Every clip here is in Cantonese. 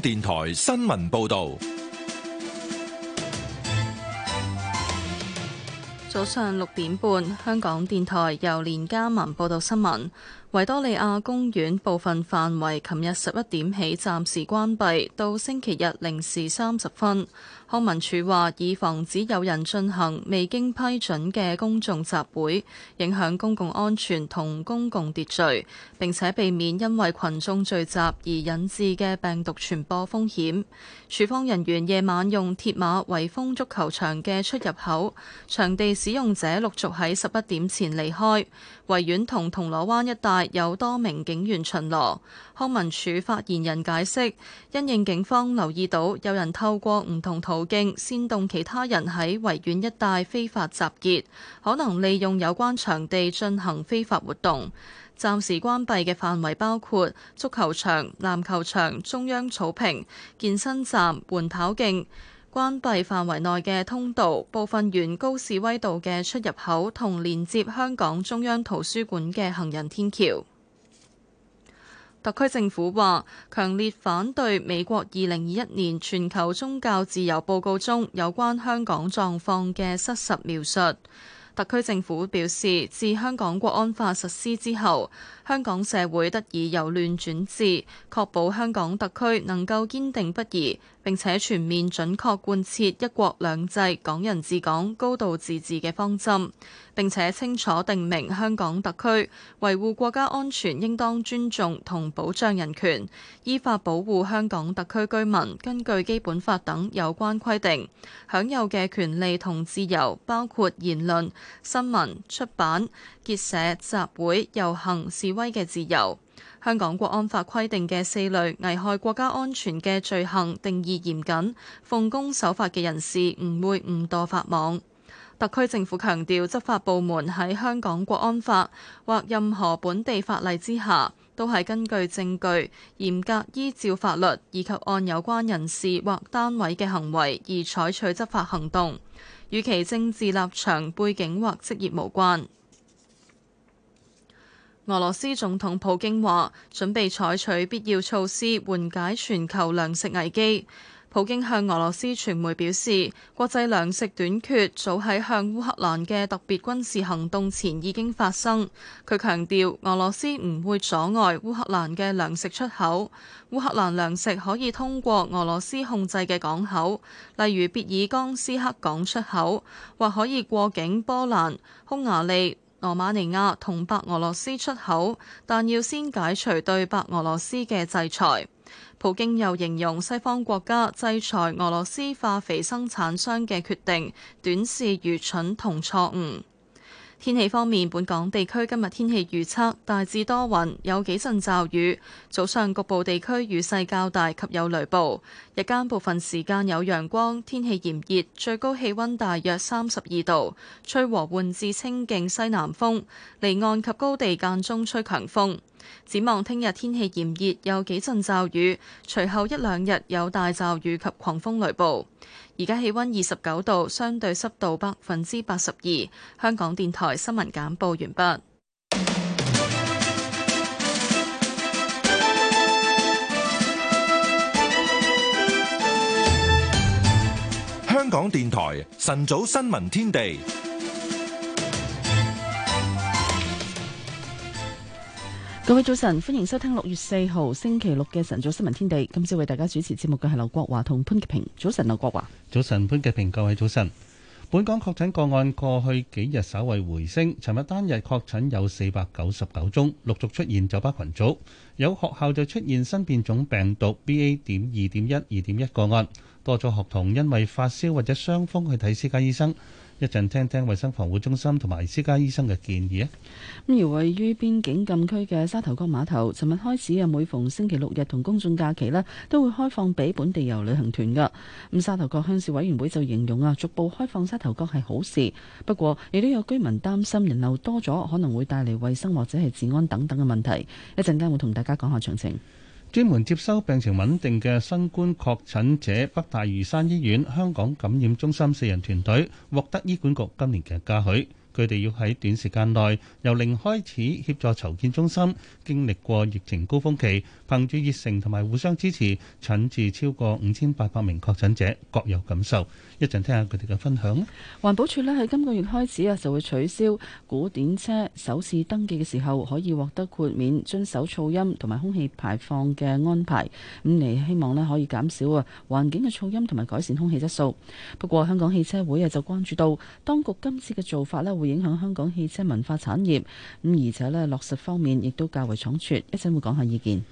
電台新聞報道。早上六點半，香港電台由連家文報道新聞。維多利亞公園部分範圍，琴日十一點起暫時關閉，到星期日零時三十分。康文署話，以防止有人進行未經批准嘅公眾集會，影響公共安全同公共秩序，並且避免因為群眾聚集而引致嘅病毒傳播風險。署方人員夜晚用鐵馬圍封足球場嘅出入口，場地使用者陸續喺十一點前離開。維園同銅鑼灣一帶有多名警員巡邏。康文署發言人解釋，因應警方留意到有人透過唔同途徑煽動其他人喺維園一帶非法集結，可能利用有關場地進行非法活動，暫時關閉嘅範圍包括足球場、籃球場、中央草坪、健身站、緩跑徑。關閉範圍內嘅通道，部分沿高士威道嘅出入口同連接香港中央圖書館嘅行人天橋。特區政府話：強烈反對美國二零二一年全球宗教自由報告中有關香港狀況嘅失實描述。特區政府表示，自香港國安法實施之後，香港社會得以由亂轉治，確保香港特區能夠堅定不移，並且全面、準確貫徹一國兩制、港人治港、高度自治嘅方針。並且清楚定明香港特區維護國家安全，應當尊重同保障人權，依法保護香港特區居民根據基本法等有關規定享有嘅權利同自由，包括言論、新聞、出版、結社、集會、遊行、示威嘅自由，香港國安法規定嘅四類危害國家安全嘅罪行定義嚴謹，奉公守法嘅人士唔會誤墮法網。特區政府強調，執法部門喺香港國安法或任何本地法例之下，都係根據證據，嚴格依照法律以及按有關人士或單位嘅行為而採取執法行動，與其政治立場、背景或職業無關。俄羅斯總統普京話，準備採取必要措施緩解全球糧食危機。普京向俄羅斯傳媒表示，國際糧食短缺早喺向烏克蘭嘅特別軍事行動前已經發生。佢強調，俄羅斯唔會阻礙烏克蘭嘅糧食出口。烏克蘭糧食可以通過俄羅斯控制嘅港口，例如別爾江斯克港出口，或可以過境波蘭、匈牙利。羅馬尼亞同白俄羅斯出口，但要先解除對白俄羅斯嘅制裁。普京又形容西方國家制裁俄羅斯化肥生產商嘅決定短視、愚蠢同錯誤。天氣方面，本港地區今日天氣預測大致多雲，有幾陣驟雨，早上局部地區雨勢較大及有雷暴，日間部分時間有陽光，天氣炎熱，最高氣温大約三十二度，吹和緩至清勁西南風，離岸及高地間中吹強風。展望聽日天氣炎熱，有幾陣驟雨，隨後一兩日有大驟雨及狂風雷暴。而家氣溫二十九度，相對濕度百分之八十二。香港電台新聞簡報完畢。香港電台晨早新聞天地。各位早晨，歡迎收聽六月四號星期六嘅晨早新聞天地。今朝為大家主持節目嘅係劉國華同潘潔平。早晨，劉國華。早晨，潘潔平。各位早晨。本港確診個案過去幾日稍為回升，尋日單日確診有四百九十九宗，陸續出現酒吧群組，有學校就出現新變種病毒 BA 點二點一二點一個案，多咗學童因為發燒或者傷風去睇私家醫生。一陣聽聽衞生防護中心同埋私家醫生嘅建議啊。咁而位於邊境禁區嘅沙頭角碼頭，尋日開始啊，每逢星期六日同公眾假期咧，都會開放俾本地遊旅行團噶。咁沙頭角鄉事委員會就形容啊，逐步開放沙頭角係好事，不過亦都有居民擔心人流多咗可能會帶嚟衞生或者係治安等等嘅問題。一陣間會同大家講下詳情。專門接收病情穩定嘅新冠確診者，北大嶼山醫院香港感染中心四人團隊獲得醫管局今年嘅嘉許，佢哋要喺短時間內由零開始協助籌建中心，經歷過疫情高峰期，憑住熱誠同埋互相支持，診治超過五千八百名確診者，各有感受。一陣聽下佢哋嘅分享。環保署呢喺今個月開始啊，就會取消古典車首次登記嘅時候可以獲得豁免遵守噪音同埋空氣排放嘅安排。咁嚟希望呢可以減少啊環境嘅噪音同埋改善空氣質素。不過香港汽車會啊就關注到當局今次嘅做法呢會影響香港汽車文化產業。咁而且呢落實方面亦都較為倉促。一陣會講下意見。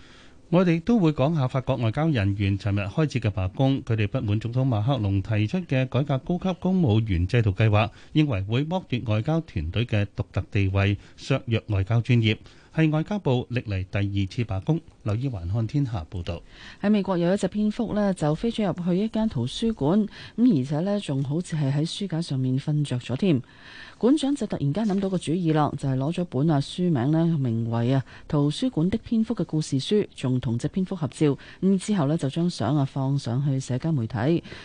我哋都會講下法國外交人員尋日開始嘅罷工，佢哋不滿總統馬克龍提出嘅改革高級公務員制度計劃，認為會剝奪外交團隊嘅獨特地位，削弱外交專業。係外交部歷嚟第二次罷工。劉以環看天下報道，喺美國有一隻蝙蝠呢就飛咗入去一間圖書館，咁而且呢仲好似係喺書架上面瞓着咗添。館長就突然間諗到個主意啦，就係攞咗本啊書名呢，名為啊《圖書館的蝙蝠》嘅故事書，仲同隻蝙蝠合照，咁之後呢，就將相啊放上去社交媒體，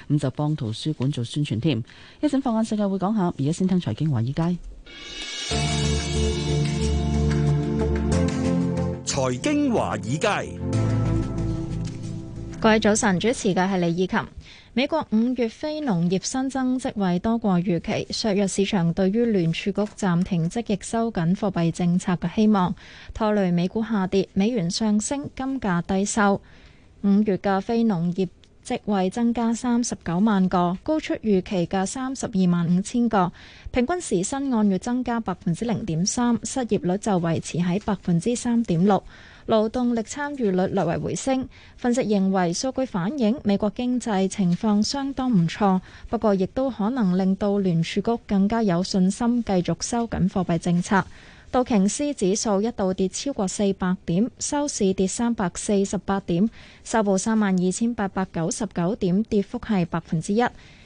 咁就幫圖書館做宣傳添。一陣放眼世界會講下，而家先聽財經華爾街。 財經華爾街，各位早晨，主持嘅係李綺琴。美國五月非農業新增職位多過預期，削弱市場對於聯儲局暫停積極收緊貨幣政策嘅希望，拖累美股下跌，美元上升，金價低收。五月嘅非農業職位增加三十九萬個，高出預期嘅三十二萬五千個，平均時薪按月增加百分之零點三，失業率就維持喺百分之三點六，勞動力參與率略為回升。分析認為，數據反映美國經濟情況相當唔錯，不過亦都可能令到聯儲局更加有信心繼續收緊貨幣政策。道瓊斯指數一度跌超過四百點，收市跌三百四十八點，收報三萬二千八百九十九點，跌幅係百分之一。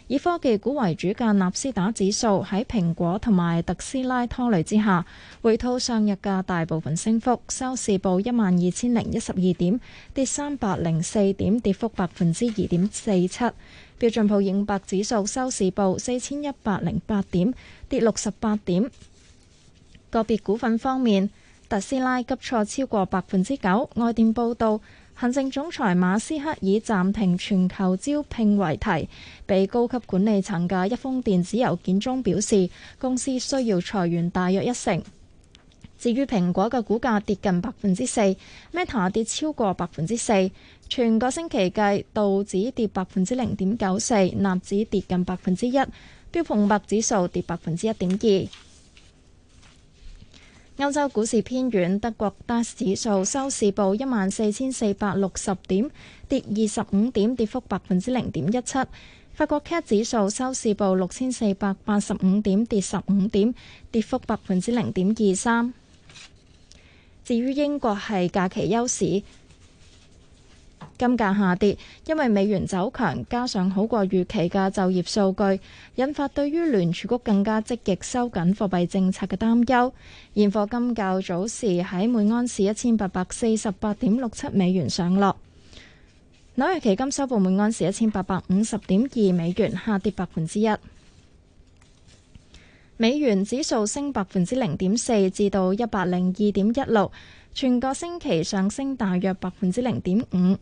以科技股為主嘅納斯達指數喺蘋果同埋特斯拉拖累之下，回吐上日嘅大部分升幅，收市報一萬二千零一十二點，跌三百零四點，跌幅百分之二點四七。標準普爾五百指數收市報四千一百零八點，跌六十八點。個別股份方面，特斯拉急挫超過百分之九。外電報道，行政總裁馬斯克以暫停全球招聘為題，俾高級管理層嘅一封電子郵件中表示，公司需要裁員大約一成。至於蘋果嘅股價跌近百分之四，Meta 跌超過百分之四。全個星期計，道指跌百分之零點九四，納指跌近百分之一，標普五百指數跌百分之一點二。歐洲股市偏軟，德國 DAX 指數收市報一萬四千四百六十點，跌二十五點，跌幅百分之零點一七。法國 CAC 指數收市報六千四百八十五點，跌十五點，跌幅百分之零點二三。至於英國係假期休市。金價下跌，因為美元走強，加上好過預期嘅就業數據，引發對於聯儲局更加積極收緊貨幣政策嘅擔憂。現貨金較早時喺每盎司一千八百四十八點六七美元上落，紐約期金收報每盎司一千八百五十點二美元，下跌百分之一。美元指數升百分之零點四，至到一百零二點一六，全個星期上升大約百分之零點五。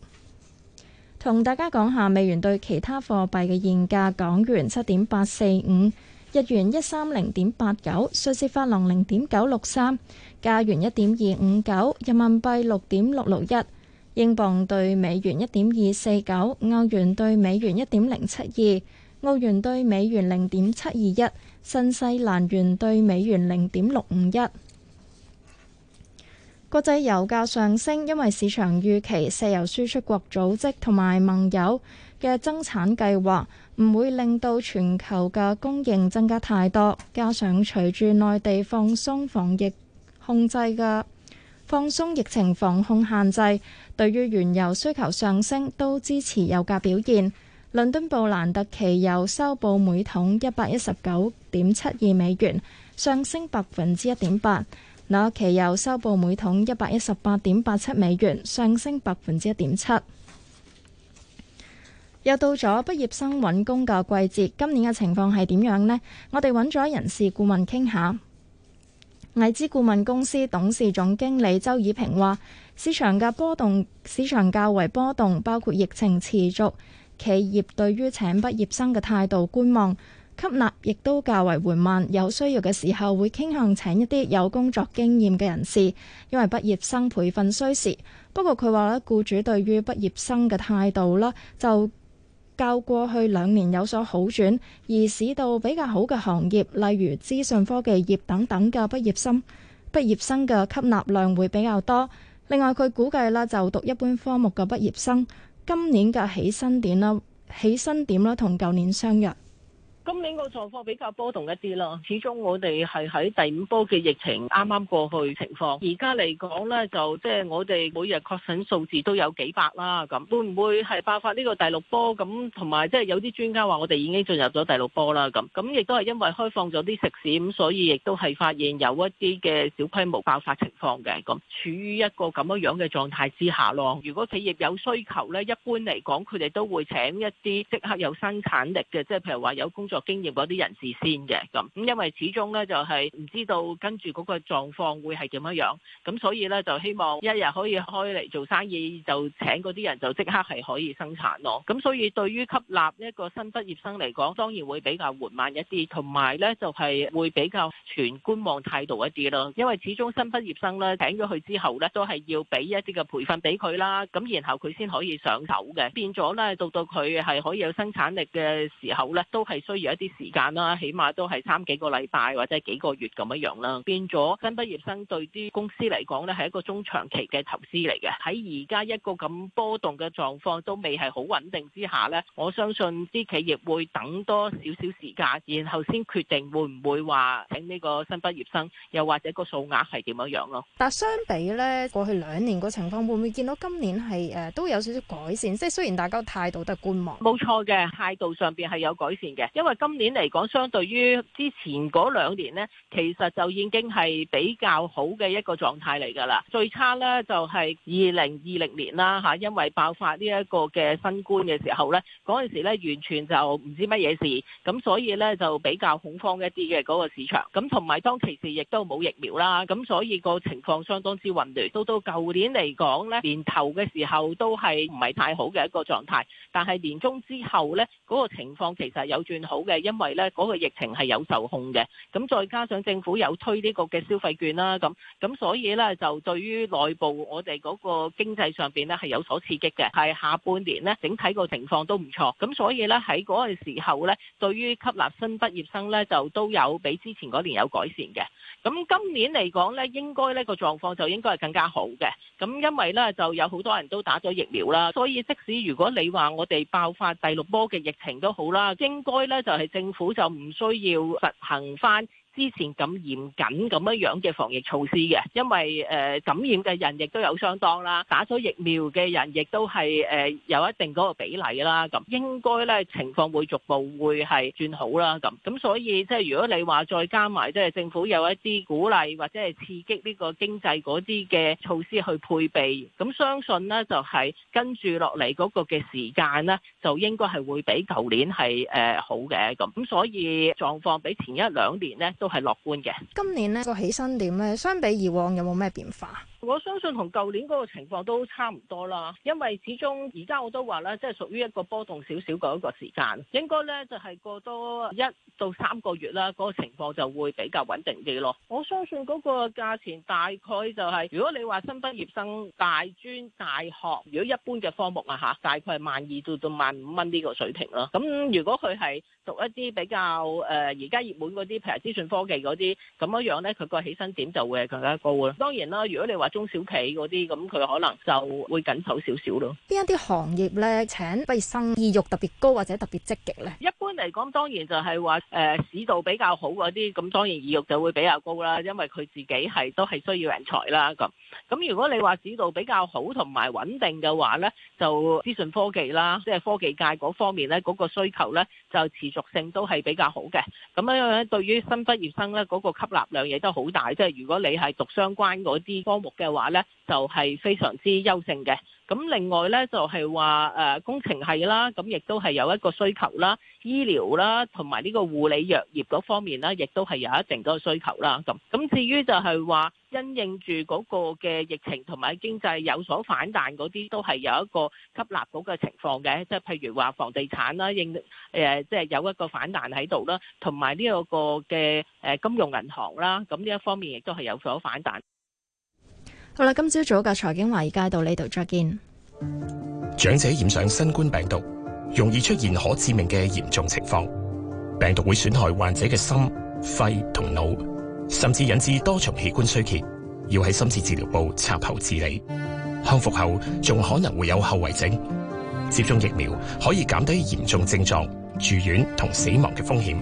同大家講下美元兌其他貨幣嘅現價：港元七點八四五，日元一三零點八九，瑞士法郎零點九六三，加元一點二五九，人民幣六點六六一，英鎊兌美元一點二四九，歐元兌美元一點零七二，澳元兌美元零點七二一，新西蘭元兌美元零點六五一。國際油價上升，因為市場預期石油輸出國組織同埋盟友嘅增產計劃唔會令到全球嘅供應增加太多。加上隨住內地放鬆防疫控制嘅放鬆疫情防控限制，對於原油需求上升都支持油價表現。倫敦布蘭特期油收報每桶一百一十九點七二美元，上升百分之一點八。那期油收報每桶一百一十八點八七美元，上升百分之一點七。又到咗畢業生揾工嘅季節，今年嘅情況係點樣呢？我哋揾咗人事顧問傾下，毅知顧問公司董事總經理周綺萍話：市場嘅波動，市場較為波動，包括疫情持續，企業對於請畢業生嘅態度觀望。吸納亦都較為緩慢，有需要嘅時候會傾向請一啲有工作經驗嘅人士，因為畢業生培訓需時。不過佢話咧，僱主對於畢業生嘅態度啦，就較過去兩年有所好轉。而市道比較好嘅行業，例如資訊科技業等等嘅畢業生，畢業生嘅吸納量會比較多。另外，佢估計啦，就讀一般科目嘅畢業生今年嘅起薪點啦，起薪點啦，同舊年相若。今年個狀況比較波動一啲咯，始終我哋係喺第五波嘅疫情啱啱過去情況，而家嚟講呢，就即係我哋每日確診數字都有幾百啦，咁會唔會係爆發呢個第六波？咁同埋即係有啲專家話我哋已經進入咗第六波啦，咁咁亦都係因為開放咗啲食肆，咁所以亦都係發現有一啲嘅小規模爆發情況嘅，咁處於一個咁樣樣嘅狀態之下咯。如果企業有需求呢，一般嚟講，佢哋都會請一啲即刻有生產力嘅，即係譬如話有工作。有經驗嗰啲人士先嘅咁，咁因為始終咧就係唔知道跟住嗰個狀況會係點樣，咁所以咧就希望一日可以開嚟做生意，就請嗰啲人就即刻係可以生產咯。咁所以對於吸納一個新畢業生嚟講，當然會比較緩慢一啲，同埋咧就係會比較全觀望態度一啲咯。因為始終新畢業生咧請咗佢之後咧，都係要俾一啲嘅培訓俾佢啦，咁然後佢先可以上手嘅。變咗咧，到到佢係可以有生產力嘅時候咧，都係需要。有一啲時間啦，起碼都係三幾個禮拜或者幾個月咁樣樣啦。變咗新畢業生對啲公司嚟講咧，係一個中長期嘅投資嚟嘅。喺而家一個咁波動嘅狀況都未係好穩定之下咧，我相信啲企業會等多少少時間，然後先決定會唔會話請呢個新畢業生，又或者個數額係點樣樣咯。但相比咧過去兩年個情況，會唔會見到今年係誒、呃、都有少少改善？即係雖然大家態度都係觀望，冇錯嘅態度上邊係有改善嘅，因為。今年嚟講，相對於之前嗰兩年咧，其實就已經係比較好嘅一個狀態嚟噶啦。最差咧就係二零二零年啦吓，因為爆發呢一個嘅新冠嘅時候咧，嗰陣時咧完全就唔知乜嘢事，咁所以咧就比較恐慌一啲嘅嗰個市場，咁同埋當其時亦都冇疫苗啦，咁所以個情況相當之混亂。到到舊年嚟講咧，年頭嘅時候都係唔係太好嘅一個狀態，但係年中之後咧，嗰個情況其實有轉好。因為呢嗰個疫情係有受控嘅，咁再加上政府有推呢個嘅消費券啦，咁咁所以呢，就對於內部我哋嗰個經濟上邊呢，係有所刺激嘅，係下半年呢，整體個情況都唔錯，咁所以呢，喺嗰個時候呢，對於吸納新畢業生呢，就都有比之前嗰年有改善嘅，咁今年嚟講呢，應該呢個狀況就應該係更加好嘅，咁因為呢，就有好多人都打咗疫苗啦，所以即使如果你話我哋爆發第六波嘅疫情都好啦，應該呢就係政府就唔需要實行翻。之前咁嚴謹咁樣樣嘅防疫措施嘅，因為誒感染嘅人亦都有相當啦，打咗疫苗嘅人亦都係誒有一定嗰個比例啦。咁應該咧情況會逐步會係轉好啦。咁咁所以即係如果你話再加埋即係政府有一啲鼓勵或者係刺激呢個經濟嗰啲嘅措施去配備，咁相信咧就係跟住落嚟嗰個嘅時間咧，就應該係會比舊年係誒好嘅。咁咁所以狀況比前一兩年咧。都係樂觀嘅。今年呢個起薪點咧，相比以往有冇咩變化？我相信同舊年嗰個情況都差唔多啦，因為始終而家我都話咧，即係屬於一個波動少少嘅一個時間，應該呢，就係過多一到三個月啦，嗰個情況就會比較穩定啲咯。我相信嗰個價錢大概就係，如果你話新畢業生大專、大學，如果一般嘅科目啊吓，大概係萬二到到萬五蚊呢個水平咯。咁如果佢係讀一啲比較誒而家熱門嗰啲，譬如資訊科。科技嗰啲咁樣樣咧，佢個起薪點就會係更加高啦。當然啦，如果你話中小企嗰啲，咁佢可能就會緊手少少咯。邊一啲行業咧，請畢業生意欲特別高或者特別積極咧？一般嚟講，當然就係話誒市道比較好嗰啲，咁當然意欲就會比較高啦，因為佢自己係都係需要人才啦咁。咁如果你話市道比較好同埋穩定嘅話呢，就資訊科技啦，即係科技界嗰方面呢，嗰個需求呢就持續性都係比較好嘅。咁樣樣對於新畢業生呢，嗰個吸納量亦都好大。即係如果你係讀相關嗰啲科目嘅話呢就係非常之優勝嘅。咁另外咧就係話誒工程系啦，咁亦都係有一個需求啦，醫療啦同埋呢個護理藥業嗰方面啦，亦都係有一定嗰個需求啦。咁咁至於就係話因應住嗰個嘅疫情同埋經濟有所反彈嗰啲，都係有一個吸納嗰個情況嘅。即係譬如話房地產啦，應誒即係有一個反彈喺度啦，同埋呢個嘅誒金融銀行啦，咁呢一方面亦都係有所反彈。好啦，今朝早嘅財經華爾街到呢度再見。長者染上新冠病毒，容易出現可致命嘅嚴重情況，病毒會損害患者嘅心、肺同腦，甚至引致多重器官衰竭，要喺深切治療部插喉治理。康復後仲可能會有後遺症。接種疫苗可以減低嚴重症狀、住院同死亡嘅風險。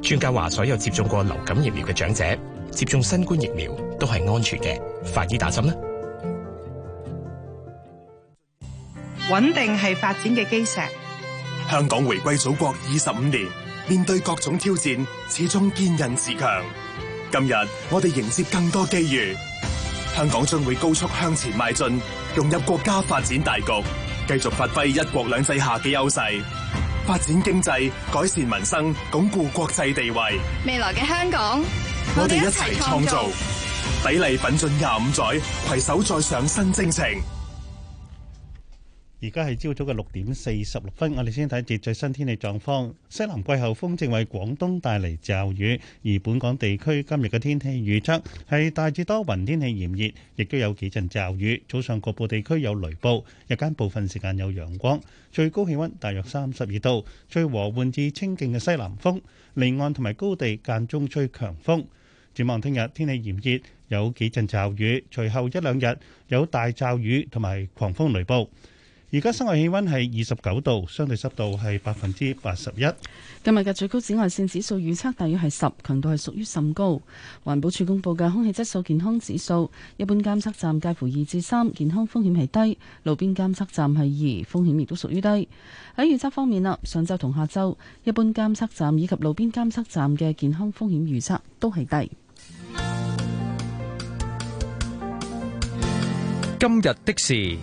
專家話，所有接種過流感疫苗嘅長者。接種新冠疫苗都係安全嘅，快啲打針啦！穩定係發展嘅基石。香港回歸祖國二十五年，面對各種挑戰，始終堅韌自強。今日我哋迎接更多機遇，香港將會高速向前邁進，融入國家發展大局，繼續發揮一國兩制下嘅優勢，發展經濟，改善民生，鞏固國際地位。未來嘅香港。我哋一齊創造，砥礪奮進廿五載，攜手再上新征程。而家係朝早嘅六點四十六分，我哋先睇一節最新天氣狀況。西南季候風正為廣東帶嚟驟雨，而本港地區今日嘅天氣預測係大致多雲，天氣炎熱，亦都有幾陣驟雨。早上局部地區有雷暴，日間部分時間有陽光，最高氣溫大約三十二度。吹和緩至清勁嘅西南風，離岸同埋高地間中吹強風。展望聽日天氣炎熱，有幾陣驟雨。隨後一兩日有大驟雨同埋狂風雷暴。而家室外氣溫係二十九度，相對濕度係百分之八十一。今日嘅最高紫外線指數預測大約係十，強度係屬於甚高。環保署公布嘅空氣質素健康指數，一般監測站介乎二至三，健康風險係低；路邊監測站係二，風險亦都屬於低。喺預測方面啦，上晝同下晝，一般監測站以及路邊監測站嘅健康風險預測都係低。今日的事，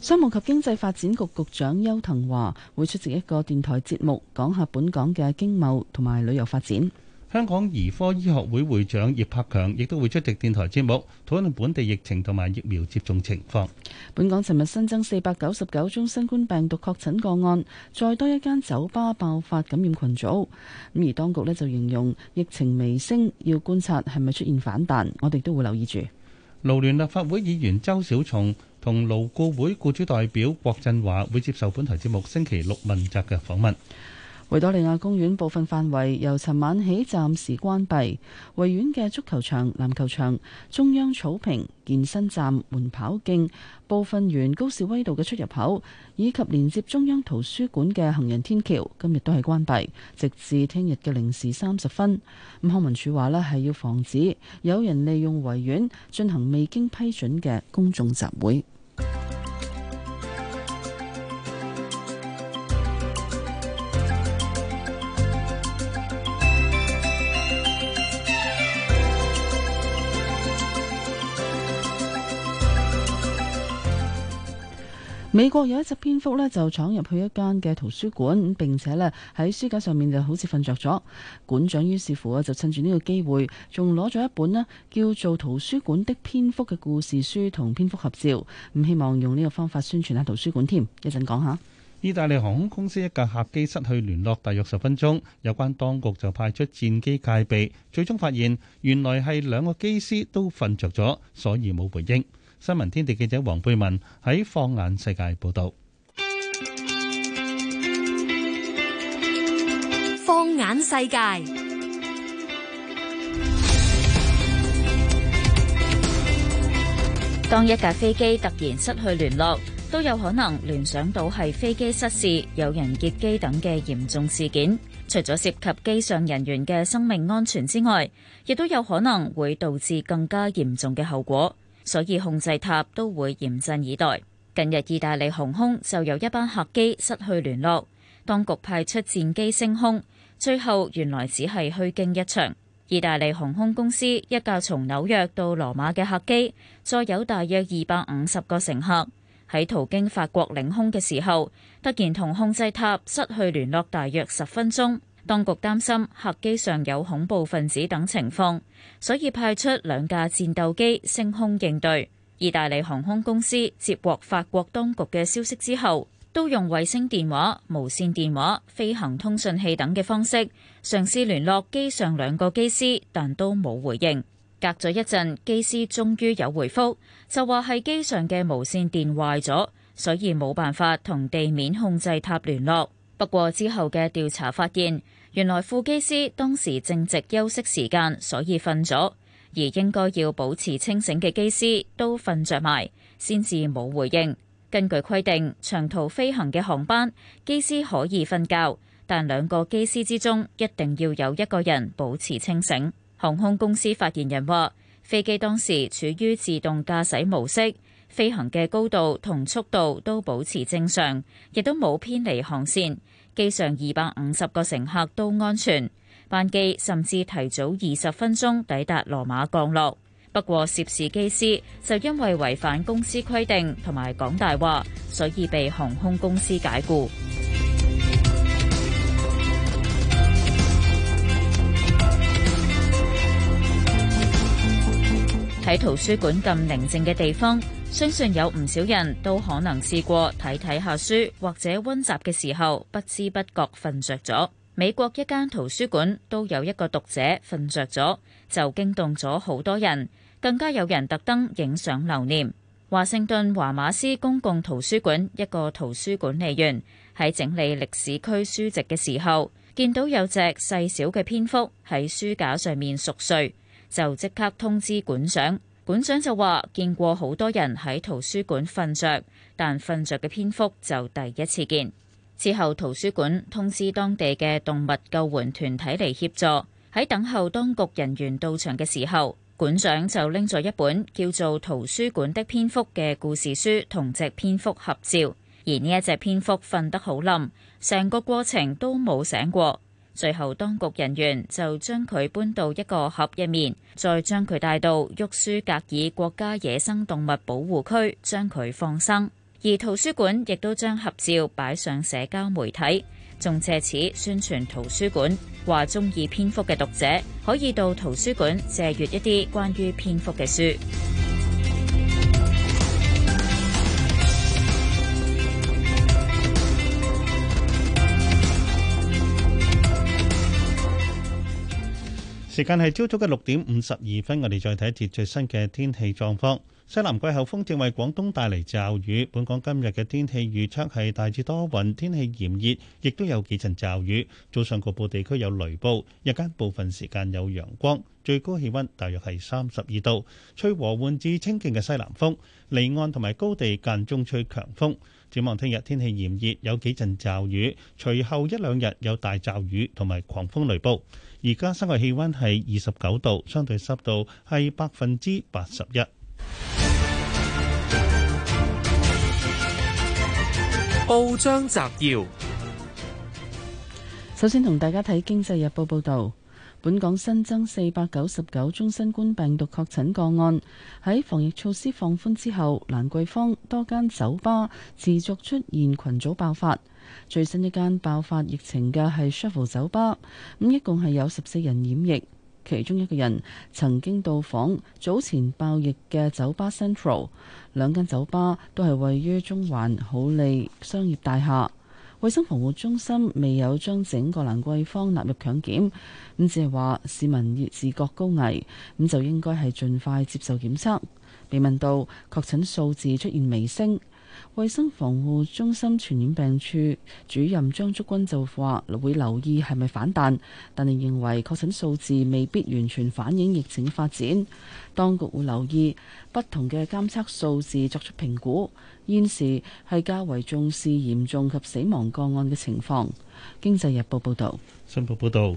商務及經濟發展局局長邱騰華會出席一個電台節目，講下本港嘅經貿同埋旅遊發展。香港兒科醫學會會長葉柏強亦都會出席電台節目討論本地疫情同埋疫苗接種情況。本港尋日新增四百九十九宗新冠病毒確診個案，再多一間酒吧爆發感染群組。咁而當局呢就形容疫情微升，要觀察係咪出現反彈，我哋都會留意住。勞聯立法會議員周小松同勞顧會僱主代表郭振華會接受本台節目星期六問責嘅訪問。維多利亞公園部分範圍由尋晚起暫時關閉，維園嘅足球場、籃球場、中央草坪、健身站、緩跑徑、部分沿高士威道嘅出入口，以及連接中央圖書館嘅行人天橋，今日都係關閉，直至聽日嘅零時三十分。咁康文署話咧，係要防止有人利用維園進行未經批准嘅公眾集會。美國有一隻蝙蝠咧就闖入去一間嘅圖書館，並且咧喺書架上面就好似瞓着咗。館長於是乎啊就趁住呢個機會，仲攞咗一本咧叫做《圖書館的蝙蝠》嘅故事書同蝙蝠合照，唔希望用呢個方法宣傳下圖書館添。一陣講下。意大利航空公司一架客機失去聯絡大約十分鐘，有關當局就派出戰機戒備，最終發現原來係兩個機師都瞓着咗，所以冇回應。新聞天地記者黃佩文喺放眼世界報道。放眼世界，當一架飛機突然失去聯絡，都有可能聯想到係飛機失事、有人劫機等嘅嚴重事件。除咗涉及機上人員嘅生命安全之外，亦都有可能會導致更加嚴重嘅後果。所以控制塔都會嚴陣以待。近日意大利航空就有一班客機失去聯絡，當局派出戰機升空，最後原來只係虛驚一場。意大利航空公司一架從紐約到羅馬嘅客機，載有大約二百五十個乘客，喺途經法國領空嘅時候，突然同控制塔失去聯絡，大約十分鐘。當局擔心客機上有恐怖分子等情況，所以派出兩架戰鬥機升空應對。意大利航空公司接獲法國當局嘅消息之後，都用衛星電話、無線電話、飛行通訊器等嘅方式嘗試聯絡機上兩個機師，但都冇回應。隔咗一陣，機師終於有回覆，就話係機上嘅無線電壞咗，所以冇辦法同地面控制塔聯絡。不過之後嘅調查發現。原來副機師當時正值休息時間，所以瞓咗；而應該要保持清醒嘅機師都瞓着埋，先至冇回應。根據規定，長途飛行嘅航班，機師可以瞓覺，但兩個機師之中一定要有一個人保持清醒。航空公司發言人話，飛機當時處於自動駕駛模式，飛行嘅高度同速度都保持正常，亦都冇偏離航線。機上二百五十個乘客都安全，班機甚至提早二十分鐘抵達羅馬降落。不過涉事機師就因為違反公司規定同埋講大話，所以被航空公司解雇。喺 圖書館咁寧靜嘅地方。相信有唔少人都可能試過睇睇下書或者温習嘅時候，不知不覺瞓着咗。美國一間圖書館都有一個讀者瞓着咗，就驚動咗好多人，更加有人特登影相留念。華盛頓華馬斯公共圖書館一個圖書管理員喺整理歷史區書籍嘅時候，見到有隻細小嘅蝙蝠喺書架上面熟睡，就即刻通知館長。館長就話：見過好多人喺圖書館瞓着，但瞓着嘅蝙蝠就第一次見。之後圖書館通知當地嘅動物救援團體嚟協助。喺等候當局人員到場嘅時候，館長就拎咗一本叫做《圖書館的蝙蝠》嘅故事書同隻蝙蝠合照。而呢一隻蝙蝠瞓得好冧，成個過程都冇醒過。最後，當局人員就將佢搬到一個盒入面，再將佢帶到沃舒格爾國家野生動物保護區，將佢放生。而圖書館亦都將合照擺上社交媒體，仲借此宣傳圖書館，話中意蝙蝠嘅讀者可以到圖書館借閱一啲關於蝙蝠嘅書。時間係朝早嘅六點五十二分，我哋再睇一節最新嘅天氣狀況。西南季候風正為廣東帶嚟驟雨。本港今日嘅天氣預測係大致多雲，天氣炎熱，亦都有幾陣驟雨。早上局部地區有雷暴，日間部分時間有陽光，最高氣溫大約係三十二度。吹和緩至清勁嘅西南風，離岸同埋高地間中吹強風。展望聽日天氣炎熱，有幾陣驟雨，隨後一兩日有大驟雨同埋狂風雷暴。而家室外氣溫係二十九度，相對濕度係百分之八十一。報章摘要：首先同大家睇《經濟日報》報道，本港新增四百九十九宗新冠病毒確診個案。喺防疫措施放寬之後，蘭桂坊多間酒吧持續出現群組爆發。最新一間爆發疫情嘅係 Shuffle 酒吧，咁一共係有十四人染疫，其中一個人曾經到訪早前爆疫嘅酒吧 Central，兩間酒吧都係位於中環好利商業大廈。衞生防護中心未有將整個蘭桂坊納入強檢，咁只係話市民要自覺高危，咁就應該係盡快接受檢測。被問到確診數字出現微升，衛生防護中心傳染病處主任張竹君就話會留意係咪反彈，但係認為確診數字未必完全反映疫情嘅發展。當局會留意不同嘅監測數字作出評估，現時係較為重視嚴重及死亡個案嘅情況。經濟日報報道，新報報道。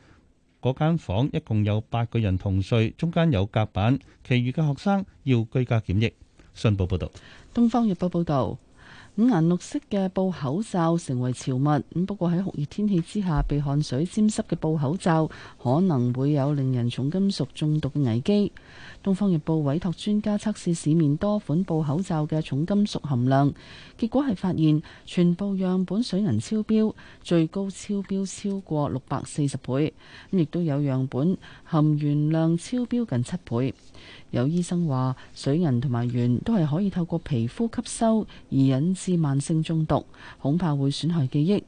嗰間房一共有八個人同睡，中間有夾板，其餘嘅學生要居家檢疫。信報報道。東方日報報道。五顏六色嘅布口罩成為潮物，咁不過喺酷熱天氣之下，被汗水沾濕嘅布口罩可能會有令人重金屬中毒嘅危機。《東方日報》委託專家測試市面多款布口罩嘅重金屬含量，結果係發現全部樣本水銀超標，最高超標超過六百四十倍，亦都有樣本含鉛量超標近七倍。有醫生話，水銀同埋鉛都係可以透過皮膚吸收而引致慢性中毒，恐怕會損害記憶。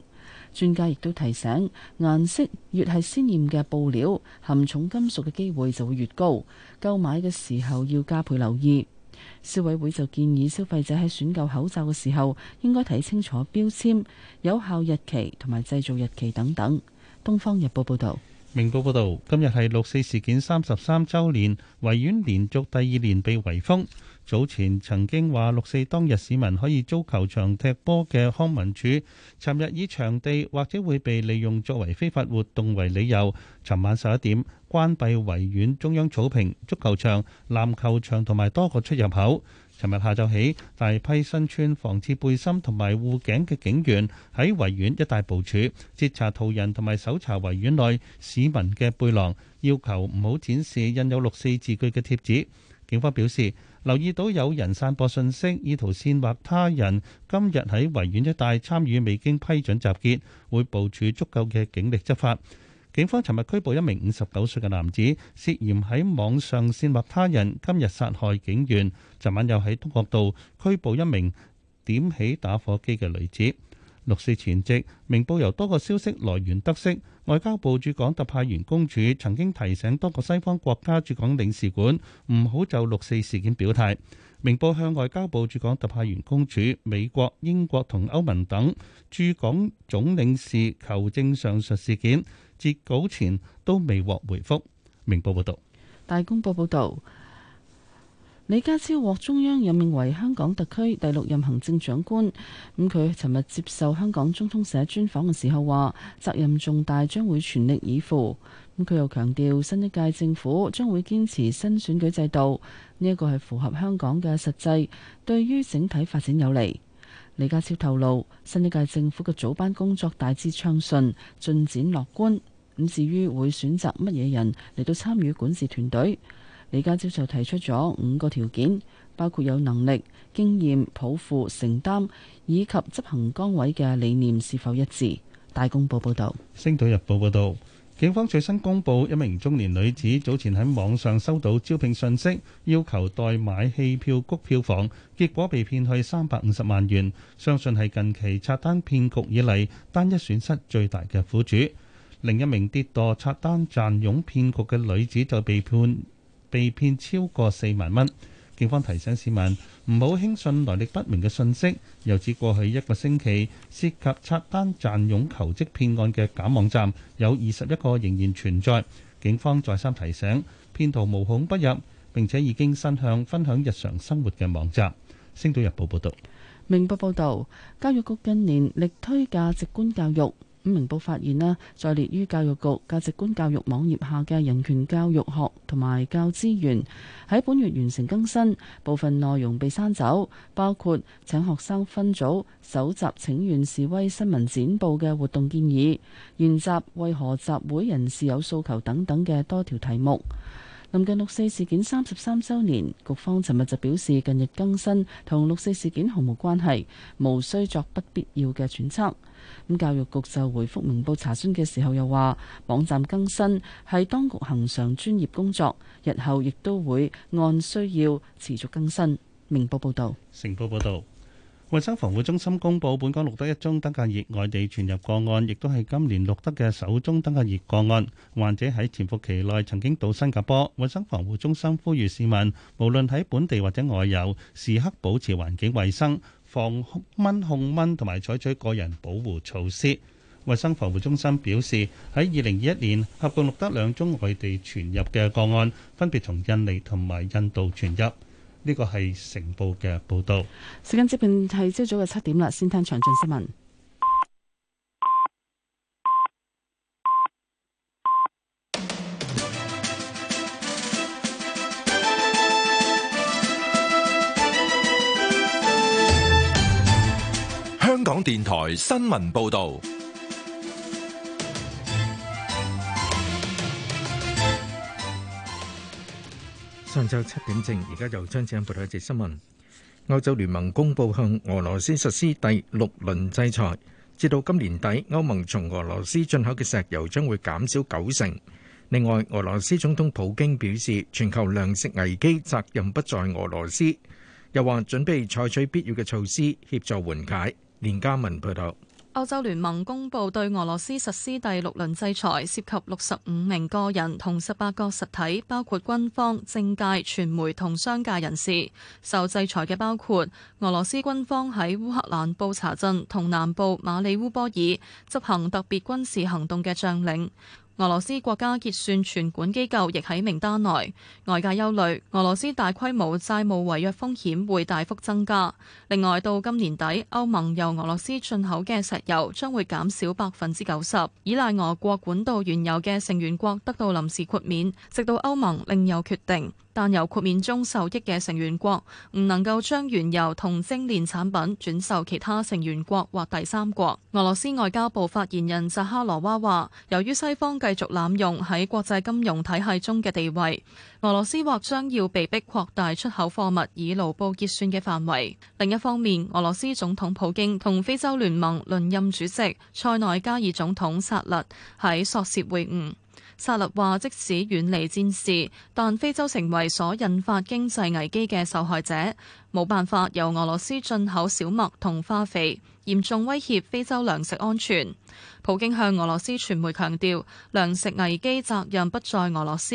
專家亦都提醒，顏色越係鮮豔嘅布料，含重金屬嘅機會就會越高。購買嘅時候要加倍留意。消委會就建議消費者喺選購口罩嘅時候，應該睇清楚標籤、有效日期同埋製造日期等等。《東方日報》報導。明報報道，今日係六四事件三十三週年，維園連續第二年被圍封。早前曾經話六四當日市民可以租球場踢波嘅康文署，尋日以場地或者會被利用作為非法活動為理由，尋晚十一點關閉維園中央草坪足球場、籃球場同埋多個出入口。尋日下晝起，大批身穿防刺背心同埋護頸嘅警員喺維園一帶部署，截查途人同埋搜查維園內市民嘅背囊，要求唔好展示印有六四字句嘅貼紙。警方表示，留意到有人散播信息，意圖煽惑他人，今日喺維園一帶參與未經批准集結，會部署足夠嘅警力執法。警方尋日拘捕一名五十九歲嘅男子，涉嫌喺網上煽惑他人今日殺害警員，尋晚又喺東角道拘捕一名點起打火機嘅女子。六四前夕，明報由多個消息來源得悉，外交部駐港特派員公署曾經提醒多個西方國家駐港領事館唔好就六四事件表態。明報向外交部駐港特派員公署、美國、英國同歐盟等駐港總領事求證上述事件。截稿前都未獲回覆。明報報導，大公報報導，李家超獲中央任命為香港特區第六任行政長官。咁佢尋日接受香港中通社專訪嘅時候話，責任重大，將會全力以赴。咁佢又強調，新一屆政府將會堅持新選舉制度，呢一個係符合香港嘅實際，對於整體發展有利。李家超透露，新一屆政府嘅組班工作大致暢順，進展樂觀，咁至於會選擇乜嘢人嚟到參與管治團隊，李家超就提出咗五個條件，包括有能力、經驗、抱負、承擔以及執行崗位嘅理念是否一致。大公報報道，星島日報報道。警方最新公布，一名中年女子早前喺網上收到招聘信息，要求代買戲票、谷票房，結果被騙去三百五十萬元，相信係近期刷單騙局以嚟單一損失最大嘅苦主。另一名跌墮刷單賺佣騙局嘅女子就被判被騙超過四萬蚊。警方提醒市民唔好輕信來歷不明嘅訊息。又指過去一個星期涉及刷單賺傭求職騙案嘅假網站有二十一個仍然存在。警方再三提醒，騙徒無孔不入，並且已經伸向分享日常生活嘅網站。星島日報報道。明報報道，教育局近年力推價值觀教育。明報發現啦，在列於教育局價值觀教育網頁下嘅人權教育學同埋教資源，喺本月完成更新，部分內容被刪走，包括請學生分組搜集請願示威新聞展報嘅活動建議、研集「為何集會人士有訴求等等嘅多條題目。臨近六四事件三十三週年，局方尋日就表示，近日更新同六四事件毫無關係，無需作不必要嘅揣測。咁教育局就回覆明報查詢嘅時候又話，網站更新係當局恒常專業工作，日後亦都會按需要持續更新。明報報道。成報報道。衛生防護中心公布，本港錄得一宗登革熱外地傳入個案，亦都係今年錄得嘅首宗登革熱個案。患者喺潛伏期內曾經到新加坡。衛生防護中心呼籲市民，無論喺本地或者外遊，時刻保持環境衛生、防蚊控蚊同埋採取個人保護措施。衛生防護中心表示，喺二零二一年合共錄得兩宗外地傳入嘅個案，分別從印尼同埋印度傳入。呢個係成報嘅報導。時間接近係朝早嘅七點啦，先聽詳盡新聞。香港電台新聞報道。上晝七點正，而家又將請播多一節新聞。歐洲聯盟公布向俄羅斯實施第六輪制裁，至到今年底，歐盟從俄羅斯進口嘅石油將會減少九成。另外，俄羅斯總統普京表示，全球糧食危機責任不在俄羅斯，又話準備採取必要嘅措施協助緩解。連家文報道。歐洲聯盟公布對俄羅斯實施第六輪制裁，涉及六十五名個人同十八個實體，包括軍方、政界、傳媒同商界人士。受制裁嘅包括俄羅斯軍方喺烏克蘭布查鎮同南部馬里烏波爾執行特別軍事行動嘅將領。俄羅斯國家結算存管機構亦喺名單內，外界憂慮俄羅斯大規模債務違約風險會大幅增加。另外，到今年底，歐盟由俄羅斯進口嘅石油將會減少百分之九十，依賴俄國管道原油嘅成員國得到臨時豁免，直到歐盟另有決定。但由豁免中受益嘅成員國唔能夠將原油同精煉產品轉售其他成員國或第三國。俄羅斯外交部發言人扎哈羅娃話，由於西方繼續濫用喺國際金融體系中嘅地位，俄羅斯或將要被逼擴大出口貨物以盧布結算嘅範圍，另一方面，俄羅斯總統普京同非洲聯盟輪任主席塞內加爾總統薩勒喺索契會晤。薩勒話：即使遠離戰事，但非洲成為所引發經濟危機嘅受害者，冇辦法由俄羅斯進口小麥同化肥，嚴重威脅非洲糧食安全。普京向俄羅斯傳媒強調，糧食危機責任不在俄羅斯。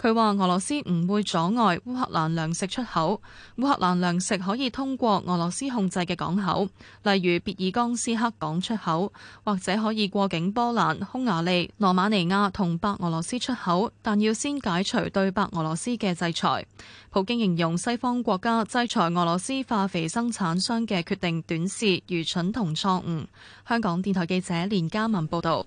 佢話：俄羅斯唔會阻礙烏克蘭糧食出口。烏克蘭糧食可以通過俄羅斯控制嘅港口，例如別爾江斯克港出口，或者可以過境波蘭、匈牙利、羅馬尼亞同白俄羅斯出口，但要先解除對白俄羅斯嘅制裁。普京形容西方國家制裁俄羅斯化肥生產商嘅決定短視、愚蠢同錯誤。香港電台記者連嘉文報導。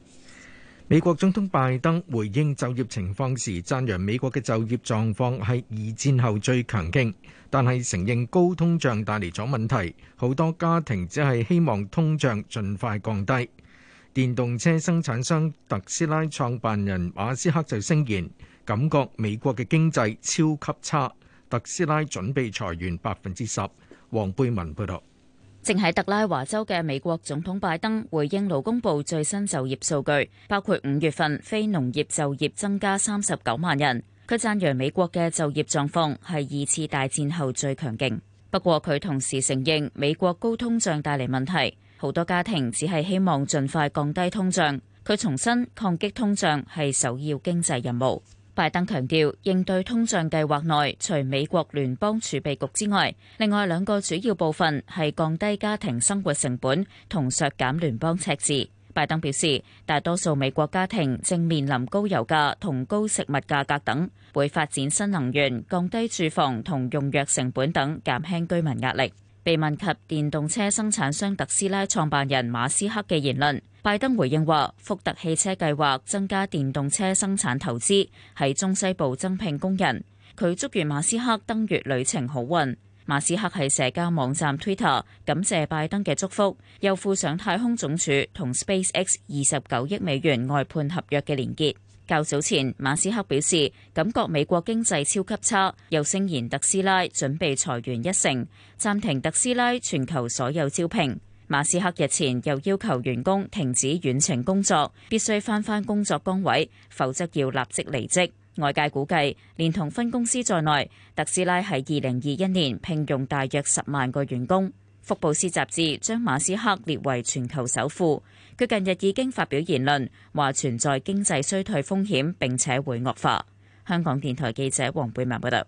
美國總統拜登回應就業情況時，讚揚美國嘅就業狀況係二戰後最強勁，但係承認高通脹帶嚟咗問題，好多家庭只係希望通脹盡快降低。電動車生產商特斯拉創辦人馬斯克就聲言，感覺美國嘅經濟超級差。特斯拉準備裁員百分之十。黃貝文報道。正喺特拉華州嘅美國總統拜登回應勞工部最新就業數據，包括五月份非農業就業增加三十九萬人。佢讚揚美國嘅就業狀況係二次大戰後最強勁，不過佢同時承認美國高通脹帶嚟問題，好多家庭只係希望盡快降低通脹。佢重申抗擊通脹係首要經濟任務。拜登強調，應對通脹計劃內除美國聯邦儲備局之外，另外兩個主要部分係降低家庭生活成本同削減聯邦赤字。拜登表示，大多數美國家庭正面臨高油價同高食物價格等，會發展新能源、降低住房同用藥成本等，減輕居民壓力。被問及電動車生產商特斯拉創辦人馬斯克嘅言論，拜登回應話：福特汽車計劃增加電動車生產投資，喺中西部增聘工人。佢祝願馬斯克登月旅程好運。馬斯克喺社交網站 Twitter 感謝拜登嘅祝福，又附上太空總署同 SpaceX 二十九億美元外判合約嘅連結。較早前，馬斯克表示感覺美國經濟超級差，又聲言特斯拉準備裁員一成，暫停特斯拉全球所有招聘。馬斯克日前又要求員工停止遠程工作，必須返返工作崗位，否則要立即離職。外界估計，連同分公司在內，特斯拉喺二零二一年聘用大約十萬個員工。福布斯雜誌將馬斯克列為全球首富，佢近日已經發表言論，話存在經濟衰退風險並且會惡化。香港電台記者黃貝文報道。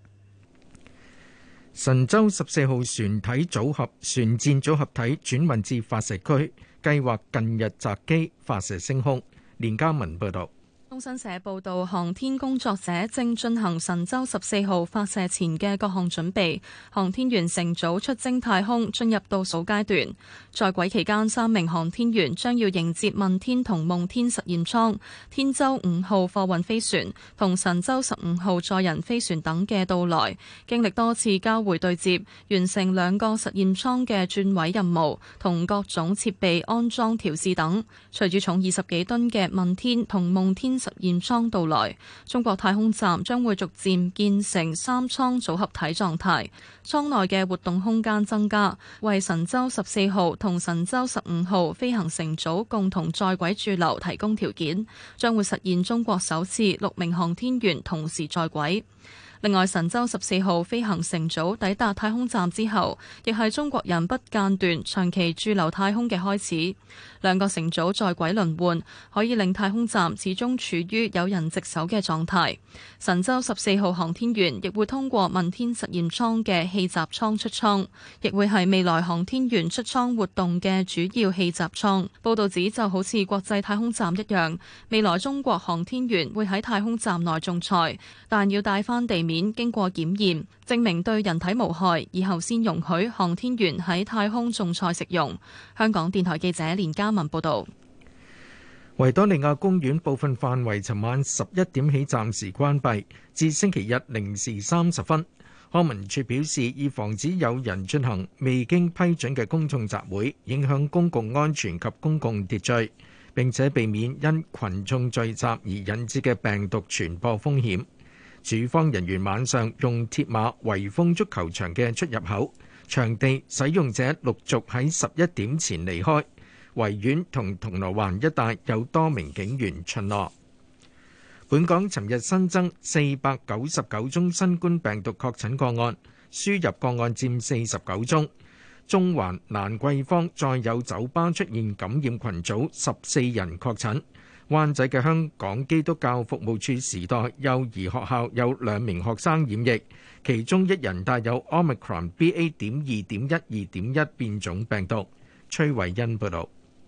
神舟十四號船體組合、船箭組合體轉運至發射區，計劃近日擇機發射升空。連家文報導。中新社報道，航天工作者正進行神舟十四號發射前嘅各項準備，航天員乘組出征太空，進入倒數階段。在軌期間，三名航天員將要迎接問天同夢天實驗艙、天舟五號貨運飛船同神舟十五號載人飛船等嘅到來，經歷多次交會對接，完成兩個實驗艙嘅轉位任務同各種設備安裝調試等。隨住重二十幾噸嘅問天同夢天實驗艙到來，中國太空站將會逐漸建成三艙組合體狀態，艙內嘅活動空間增加，為神舟十四號同神舟十五號飛行乘組共同在軌駐留提供條件，將會實現中國首次六名航天員同時在軌。另外，神舟十四號飛行乘組抵達太空站之後，亦係中國人不間斷長期駐留太空嘅開始。兩個乘組在軌輪換，可以令太空站始終處於有人值守嘅狀態。神舟十四號航天員亦會通過問天實驗艙嘅氣閘艙出艙，亦會係未來航天員出艙活動嘅主要氣閘艙。報道指就好似國際太空站一樣，未來中國航天員會喺太空站內種菜，但要帶翻地。免經過檢驗，證明對人體無害，以後先容許航天員喺太空種菜食用。香港電台記者連嘉文報導。維多利亞公園部分範圍尋晚十一點起暫時關閉，至星期日零時三十分。康文署表示，以防止有人進行未經批准嘅公眾集會，影響公共安全及公共秩序，並且避免因群眾聚集而引致嘅病毒傳播風險。主方人員晚上用鐵馬圍封足球場嘅出入口，場地使用者陸續喺十一點前離開。維園同銅鑼灣一帶有多名警員巡邏。本港尋日新增四百九十九宗新冠病毒確診個案，輸入個案佔四十九宗。中環蘭桂坊再有酒吧出現感染群組，十四人確診。灣仔嘅香港基督教服務處時代幼兒學校有兩名學生染疫，其中一人帶有 Omicron BA. 點二點一二點一變種病毒。崔偉恩報道。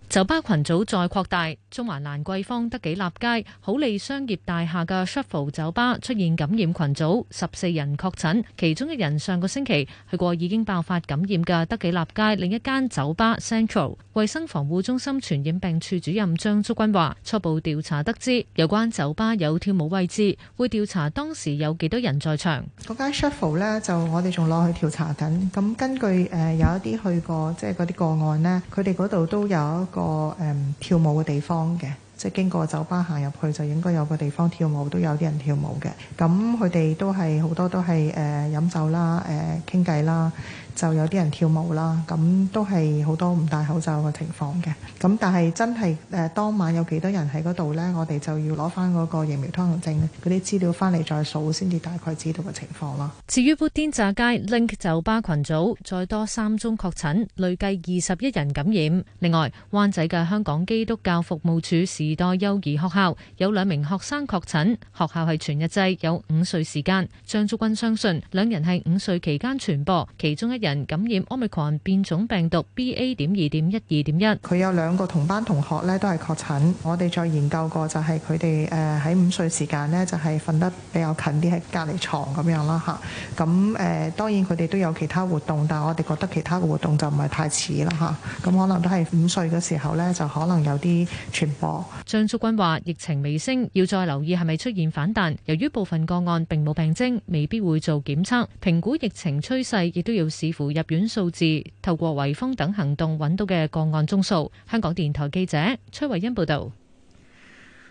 酒吧群組再擴大，中環蘭桂坊德己立街好利商業大廈嘅 shuffle 酒吧出現感染群組，十四人確診，其中一人上個星期去過已經爆發感染嘅德己立街另一間酒吧 Central。衛生防護中心傳染病處主任張竹君話：初步調查得知，有關酒吧有跳舞位置，會調查當時有幾多人在場。嗰間 shuffle 呢，就我哋仲攞去調查緊，咁根據誒、呃、有一啲去過即係嗰啲個案呢，佢哋嗰度都有一個。個誒、嗯、跳舞嘅地方嘅，即係經過酒吧行入去就應該有個地方跳舞，都有啲人跳舞嘅。咁佢哋都係好多都係誒飲酒啦、誒傾偈啦。就有啲人跳舞啦，咁都係好多唔戴口罩嘅情況嘅。咁但係真係誒、呃、當晚有幾多人喺嗰度咧？我哋就要攞翻嗰個疫苗通行證咧，嗰啲資料翻嚟再數先至大概知道嘅情況啦。至於砵甸乍街 Link 酒吧群組再多三宗確診，累計二十一人感染。另外，灣仔嘅香港基督教服務處時代幼兒學校有兩名學生確診，學校係全日制，有午睡時間。張竹君相信兩人係午睡期間傳播，其中一人。感染 Omicron 變種病毒 BA. 點二點一二點一，佢有兩個同班同學咧都係確診。我哋再研究過就係佢哋誒喺午睡時間呢就係瞓得比較近啲喺隔離床咁樣啦嚇。咁、啊、誒、啊、當然佢哋都有其他活動，但係我哋覺得其他活動就唔係太似啦嚇。咁、啊啊、可能都係午睡嘅時候呢，就可能有啲傳播。張竹君話：疫情未升，要再留意係咪出現反彈。由於部分個案並冇病徵，未必會做檢測，評估疫情趨勢亦都要視。入院數字透過圍封等行動揾到嘅個案宗數，香港電台記者崔慧欣報道。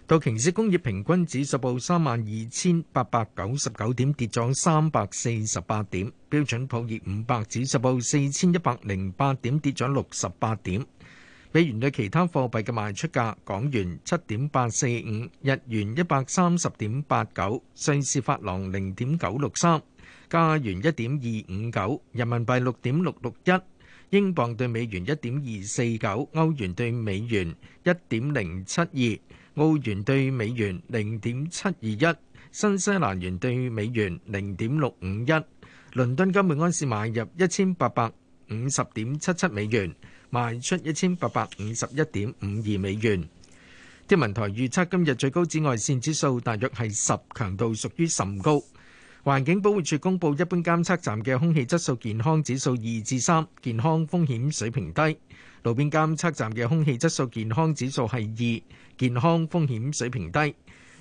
道瓊斯工業平均指數報三萬二千八百九十九點，跌咗三百四十八點。標準普爾五百指數報四千一百零八點，跌咗六十八點。美元兌其他貨幣嘅賣出價：港元七點八四五，日元一百三十點八九，瑞士法郎零點九六三。加元一點二五九，人民幣六點六六一，英鎊對美元一點二四九，歐元對美元一點零七二，澳元對美元零點七二一，新西蘭元對美元零點六五一。倫敦金每安士買入一千八百五十點七七美元，賣出一千八百五十一點五二美元。天文台預測今日最高紫外線指數大約係十，強度屬於甚高。環境保護署公布，一般監測站嘅空氣質素健康指數二至三，健康風險水平低；路邊監測站嘅空氣質素健康指數係二，健康風險水平低。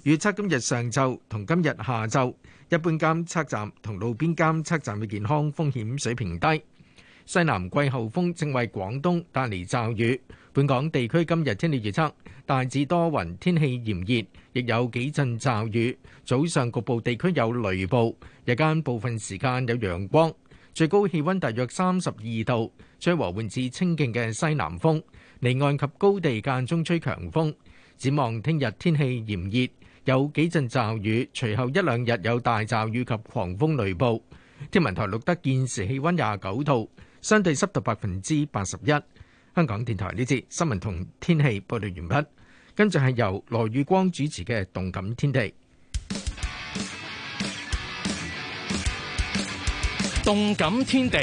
預測今日上晝同今日下晝，一般監測站同路邊監測站嘅健康風險水平低。西南季候風正為廣東帶嚟驟雨。本港地區今日天氣預測，大致多雲，天氣炎熱，亦有幾陣驟雨。早上局部地區有雷暴，日間部分時間有陽光。最高氣温大約三十二度，吹和緩至清勁嘅西南風。離岸及高地間中吹強風。展望聽日天氣炎熱，有幾陣驟雨，隨後一兩日有大驟雨及狂風雷暴。天文台錄得現時氣温廿九度，相對濕度百分之八十一。香港電台呢節新聞同天氣報道完畢，跟住係由羅宇光主持嘅《動感天地》。《動感天地》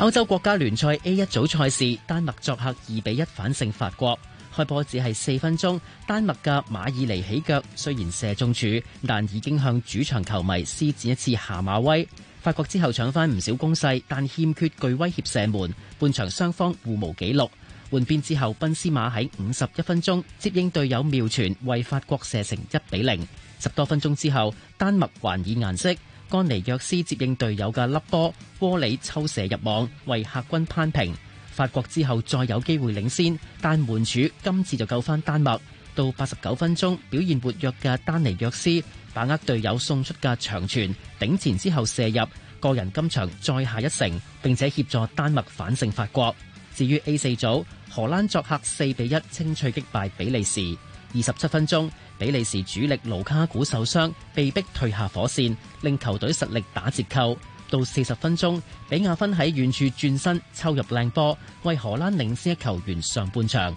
歐洲國家聯賽 A 一組賽事，丹麥作客二比一反勝法國。開波只係四分鐘，丹麥嘅馬爾尼起腳，雖然射中柱，但已經向主場球迷施展一次下馬威。法國之後搶翻唔少攻勢，但欠缺具威脅射門。半場雙方互無紀錄。換邊之後，賓斯馬喺五十一分鐘接應隊友妙傳，為法國射成一比零。十多分鐘之後，丹麥還以顏色。丹尼約斯接應隊友嘅粒波，波裏抽射入網，為客軍攀平。法國之後再有機會領先，但門柱今次就救翻丹麥。到八十九分鐘，表現活躍嘅丹尼約斯。把握隊友送出嘅長傳，頂前之後射入，個人今場再下一城，並且協助丹麥反勝法國。至於 A 四組，荷蘭作客四比一清脆擊敗比利時。二十七分鐘，比利時主力盧卡古受傷，被迫退下火線，令球隊實力打折扣。到四十分鐘，比亞芬喺遠處轉身抽入靚波，為荷蘭領先一球完上半場。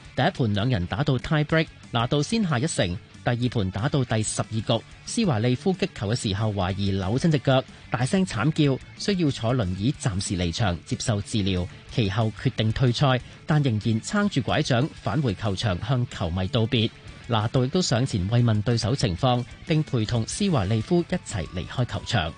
第一盤兩人打到 tie break，拿度先下一城。第二盤打到第十二局，斯華利夫擊球嘅時候懷疑扭親隻腳，大聲慘叫，需要坐輪椅暫時離場接受治療。其後決定退賽，但仍然撐住拐杖返回球場向球迷道別。拿度亦都上前慰問對手情況，並陪同斯華利夫一齊離開球場。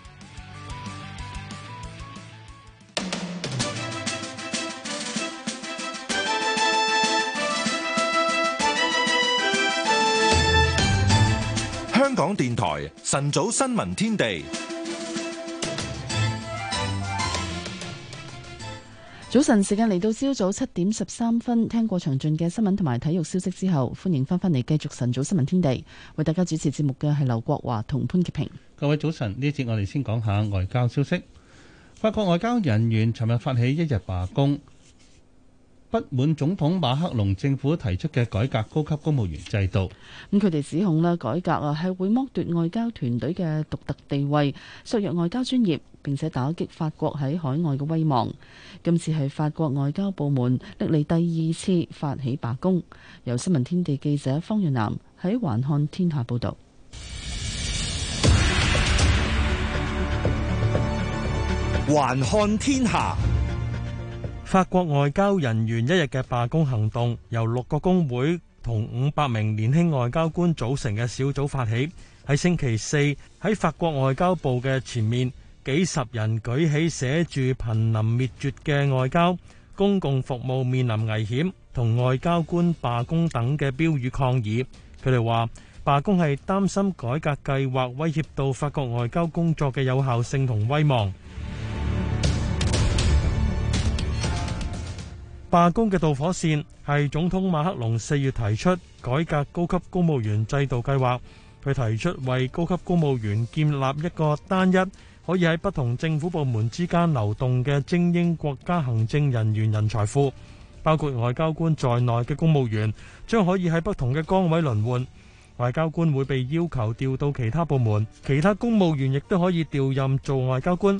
電台晨早新聞天地。早晨時間嚟到早早。朝早七點十三分聽過詳盡嘅新聞同埋體育消息之後，歡迎翻返嚟繼續晨早新聞天地，為大家主持節目嘅係劉國華同潘潔平。各位早晨，呢一節我哋先講下外交消息。法國外交人員尋日發起一日罷工。不滿總統馬克龍政府提出嘅，改革高級公務員制度，咁佢哋指控咧，改革啊係會剝奪外交團隊嘅獨特地位，削弱外交專業，並且打擊法國喺海外嘅威望。今次係法國外交部門歷嚟第二次發起罷工，由新聞天地記者方潤南喺環看天下報道。環看天下。報法國外交人員一日嘅罷工行動，由六個工會同五百名年輕外交官組成嘅小組發起，喺星期四喺法國外交部嘅前面，幾十人舉起寫住「瀕臨滅絕」嘅外交，公共服務面臨危險同外交官罷工等嘅標語抗議。佢哋話罷工係擔心改革計劃威脅到法國外交工作嘅有效性同威望。罷工嘅導火線係總統馬克龍四月提出改革高級公務員制度計劃。佢提出為高級公務員建立一個單一可以喺不同政府部門之間流動嘅精英國家行政人員人才庫，包括外交官在內嘅公務員將可以喺不同嘅崗位輪換。外交官會被要求調到其他部門，其他公務員亦都可以調任做外交官。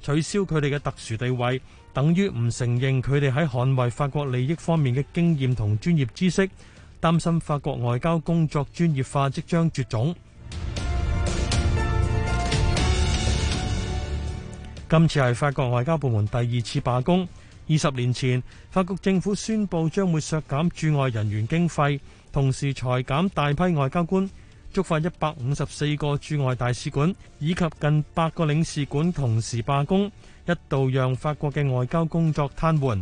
取消佢哋嘅特殊地位，等於唔承認佢哋喺捍衛法國利益方面嘅經驗同專業知識，擔心法國外交工作專業化即將絕種。 今次係法國外交部門第二次罷工。二十年前，法國政府宣布將會削減駐外人員經費，同時裁減大批外交官。觸發一百五十四個駐外大使館以及近八個領事館同時罷工，一度讓法國嘅外交工作癱瘓。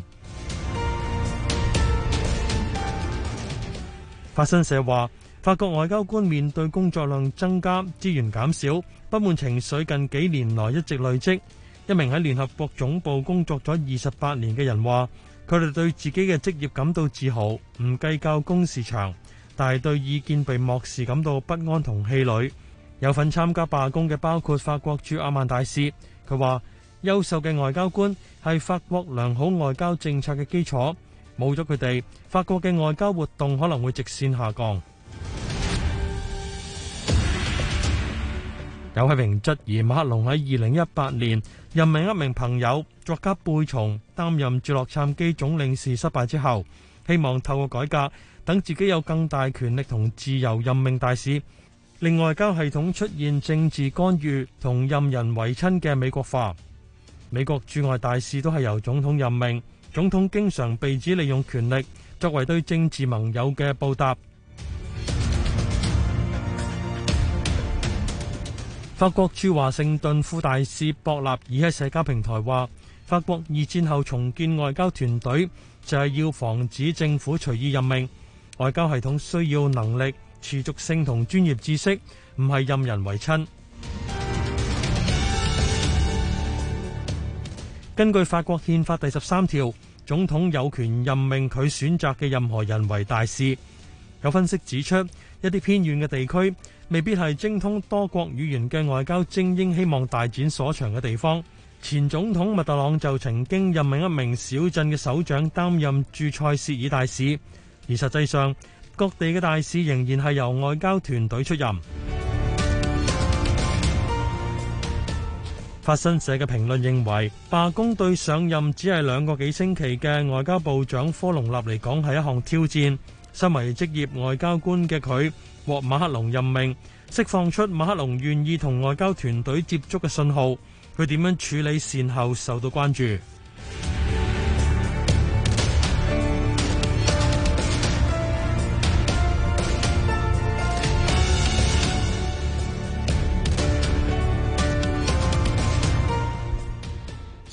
法新社話，法國外交官面對工作量增加、資源減少，不滿情緒近幾年來一直累積。一名喺聯合國總部工作咗二十八年嘅人話，佢哋對自己嘅職業感到自豪，唔計較工時長。但係對意見被漠視感到不安同氣餒。有份參加罷工嘅包括法國駐阿曼大使，佢話優秀嘅外交官係法國良好外交政策嘅基礎，冇咗佢哋，法國嘅外交活動可能會直線下降。 有批評質疑馬克龍喺二零一八年任命一名朋友、作家貝松擔任駐洛杉磯總領事失敗之後，希望透過改革。等自己有更大權力同自由任命大使，令外交系統出現政治干預同任人唯親嘅美國化。美國駐外大使都係由總統任命，總統經常被指利用權力作為對政治盟友嘅報答。法國駐華盛頓副大使博納爾喺社交平台話：法國二戰後重建外交團隊，就係要防止政府隨意任命。外交系統需要能力、持續性同專業知識，唔係任人為親。 根據法國憲法第十三條，總統有權任命佢選擇嘅任何人為大使。有分析指出，一啲偏遠嘅地區未必係精通多國語言嘅外交精英希望大展所長嘅地方。前總統密特朗就曾經任命一名小鎮嘅首長擔任駐塞舌爾大使。而實際上，各地嘅大使仍然係由外交團隊出任。法新社嘅評論認為，罷工對上任只係兩個幾星期嘅外交部長科隆納嚟講係一項挑戰。身為職業外交官嘅佢，獲馬克龍任命，釋放出馬克龍願意同外交團隊接觸嘅信號。佢點樣處理善後受到關注。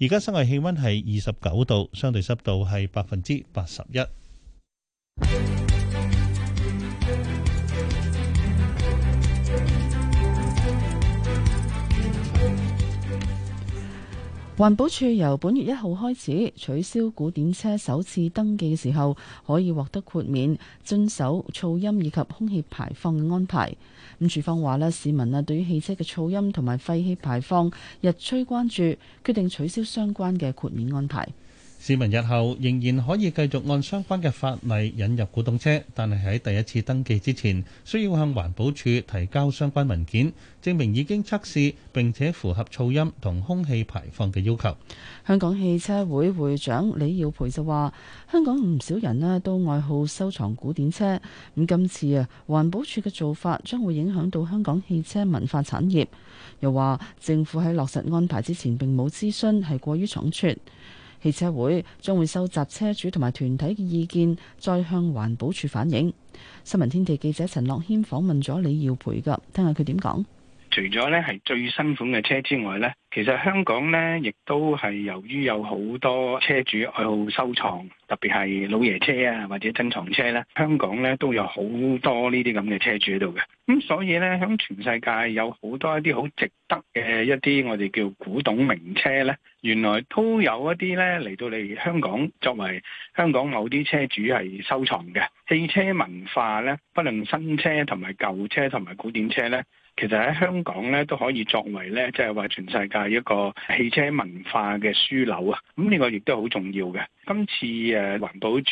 而家室外氣溫係二十九度，相對濕度係百分之八十一。環保署由本月一號開始取消古典車首次登記嘅時候可以獲得豁免遵守噪音以及空氣排放嘅安排。咁署方話呢，市民啊對於汽車嘅噪音同埋廢氣排放日趨關注，決定取消相關嘅豁免安排。市民日後仍然可以繼續按相關嘅法例引入古董車，但係喺第一次登記之前，需要向環保署提交相關文件，證明已經測試並且符合噪音同空氣排放嘅要求。香港汽車會會長李耀培就話：香港唔少人呢都愛好收藏古典車，咁今次啊環保署嘅做法將會影響到香港汽車文化產業。又話政府喺落實安排之前並冇諮詢，係過於倉促。汽車會將會收集車主同埋團體嘅意見，再向環保署反映。新聞天地記者陳樂軒訪問咗李耀培，噉聽下佢點講。除咗咧係最新款嘅車之外咧，其實香港咧亦都係由於有好多車主愛好收藏，特別係老爺車啊或者珍藏車咧，香港咧都有好多呢啲咁嘅車主喺度嘅。咁、嗯、所以咧，喺全世界有好多一啲好值得嘅一啲我哋叫古董名車咧，原來都有一啲咧嚟到你香港作為香港某啲車主係收藏嘅汽車文化咧，不論新車同埋舊車同埋古典車咧。其實喺香港咧都可以作為咧，即係話全世界一個汽車文化嘅樞紐啊！咁、這、呢個亦都好重要嘅。今次誒、啊、環保署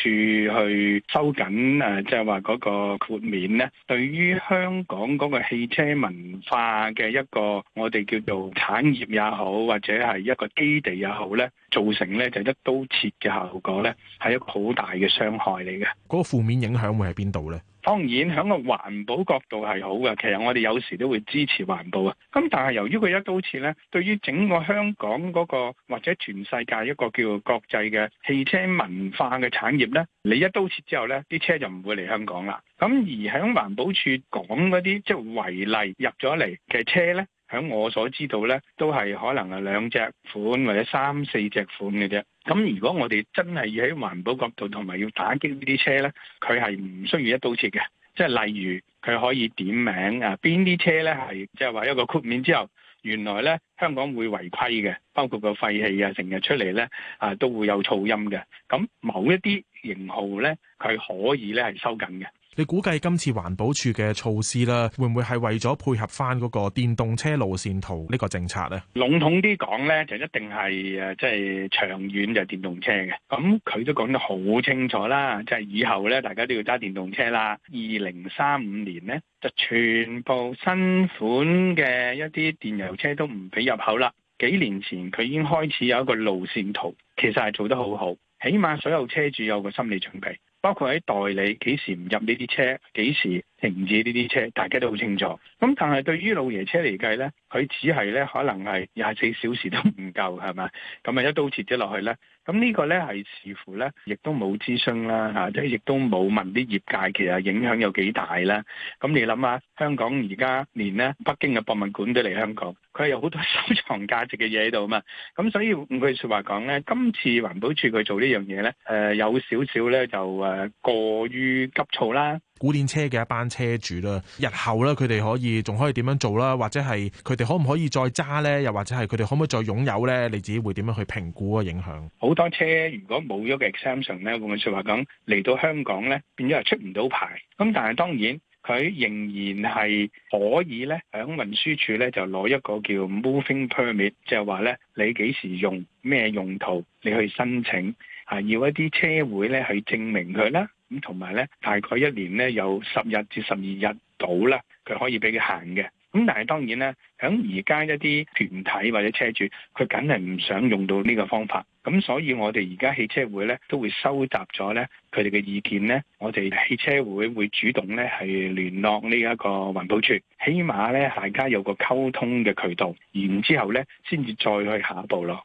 去收緊誒，即係話嗰個豁免咧，對於香港嗰個汽車文化嘅一個我哋叫做產業也好，或者係一個基地也好咧，造成咧就是、一刀切嘅效果咧，係一個好大嘅傷害嚟嘅。嗰個負面影響會喺邊度咧？當然，響個環保角度係好嘅，其實我哋有時都會支持環保啊。咁但係由於佢一刀切咧，對於整個香港嗰個或者全世界一個叫做國際嘅汽車文化嘅產業咧，你一刀切之後咧，啲車就唔會嚟香港啦。咁而喺環保署講嗰啲即係違例入咗嚟嘅車咧。喺我所知道咧，都係可能係兩隻款或者三四隻款嘅啫。咁如果我哋真係要喺環保角度同埋要打擊呢啲車咧，佢係唔需要一刀切嘅。即係例如佢可以點名啊，邊啲車咧係即係話一個豁免之後，原來咧香港會違規嘅，包括個廢氣啊成日出嚟咧啊都會有噪音嘅。咁某一啲型號咧，佢可以咧係收緊嘅。你估計今次環保署嘅措施啦，會唔會係為咗配合返嗰個電動車路線圖呢個政策呢？籠統啲講呢，就一定係誒，即係長遠就電動車嘅。咁，嗯，佢都講得好清楚啦，即係以後咧，大家都要揸電動車啦。二零三五年呢，就全部新款嘅一啲電油車都唔俾入口啦。幾年前佢已經開始有一個路線圖，其實係做得好好，起碼所有車主有個心理準備。包括喺代理幾時唔入呢啲車，幾時？停止呢啲車，大家都好清楚。咁但係對於老爺車嚟計呢，佢只係咧可能係廿四小時都唔夠係嘛？咁啊一刀切咗落去呢？咁呢個呢，係似乎呢，亦都冇諮詢啦嚇，即係亦都冇問啲業界其實影響有幾大啦。咁你諗下，香港而家連咧北京嘅博物館都嚟香港，佢有好多收藏價值嘅嘢喺度啊嘛。咁所以換句説話講呢，今次環保署佢做呢樣嘢呢，誒有少少呢，就誒過於急躁啦。古典車嘅一班車主啦，日後咧佢哋可以仲可以點樣做啦，或者係佢哋可唔可以再揸呢？又或者係佢哋可唔可以再擁有呢？你自己會點樣去評估個影響？好多車如果冇咗個 exemption 呢，換句説話講，嚟到香港呢，變咗係出唔到牌。咁但係當然佢仍然係可以呢。喺運輸署呢，就攞一個叫 moving permit，即係話呢，你幾時用咩用途，你去申請啊，要一啲車會呢去證明佢啦。咁同埋咧，大概一年咧有十日至十二日到啦，佢可以俾佢行嘅。咁但係當然咧，響而家一啲團體或者車主，佢梗係唔想用到呢個方法。咁所以我哋而家汽車會咧都會收集咗咧佢哋嘅意見咧，我哋汽車會會主動咧係聯絡呢一個環保署，起碼咧大家有個溝通嘅渠道，然之後咧先至再去下一步咯。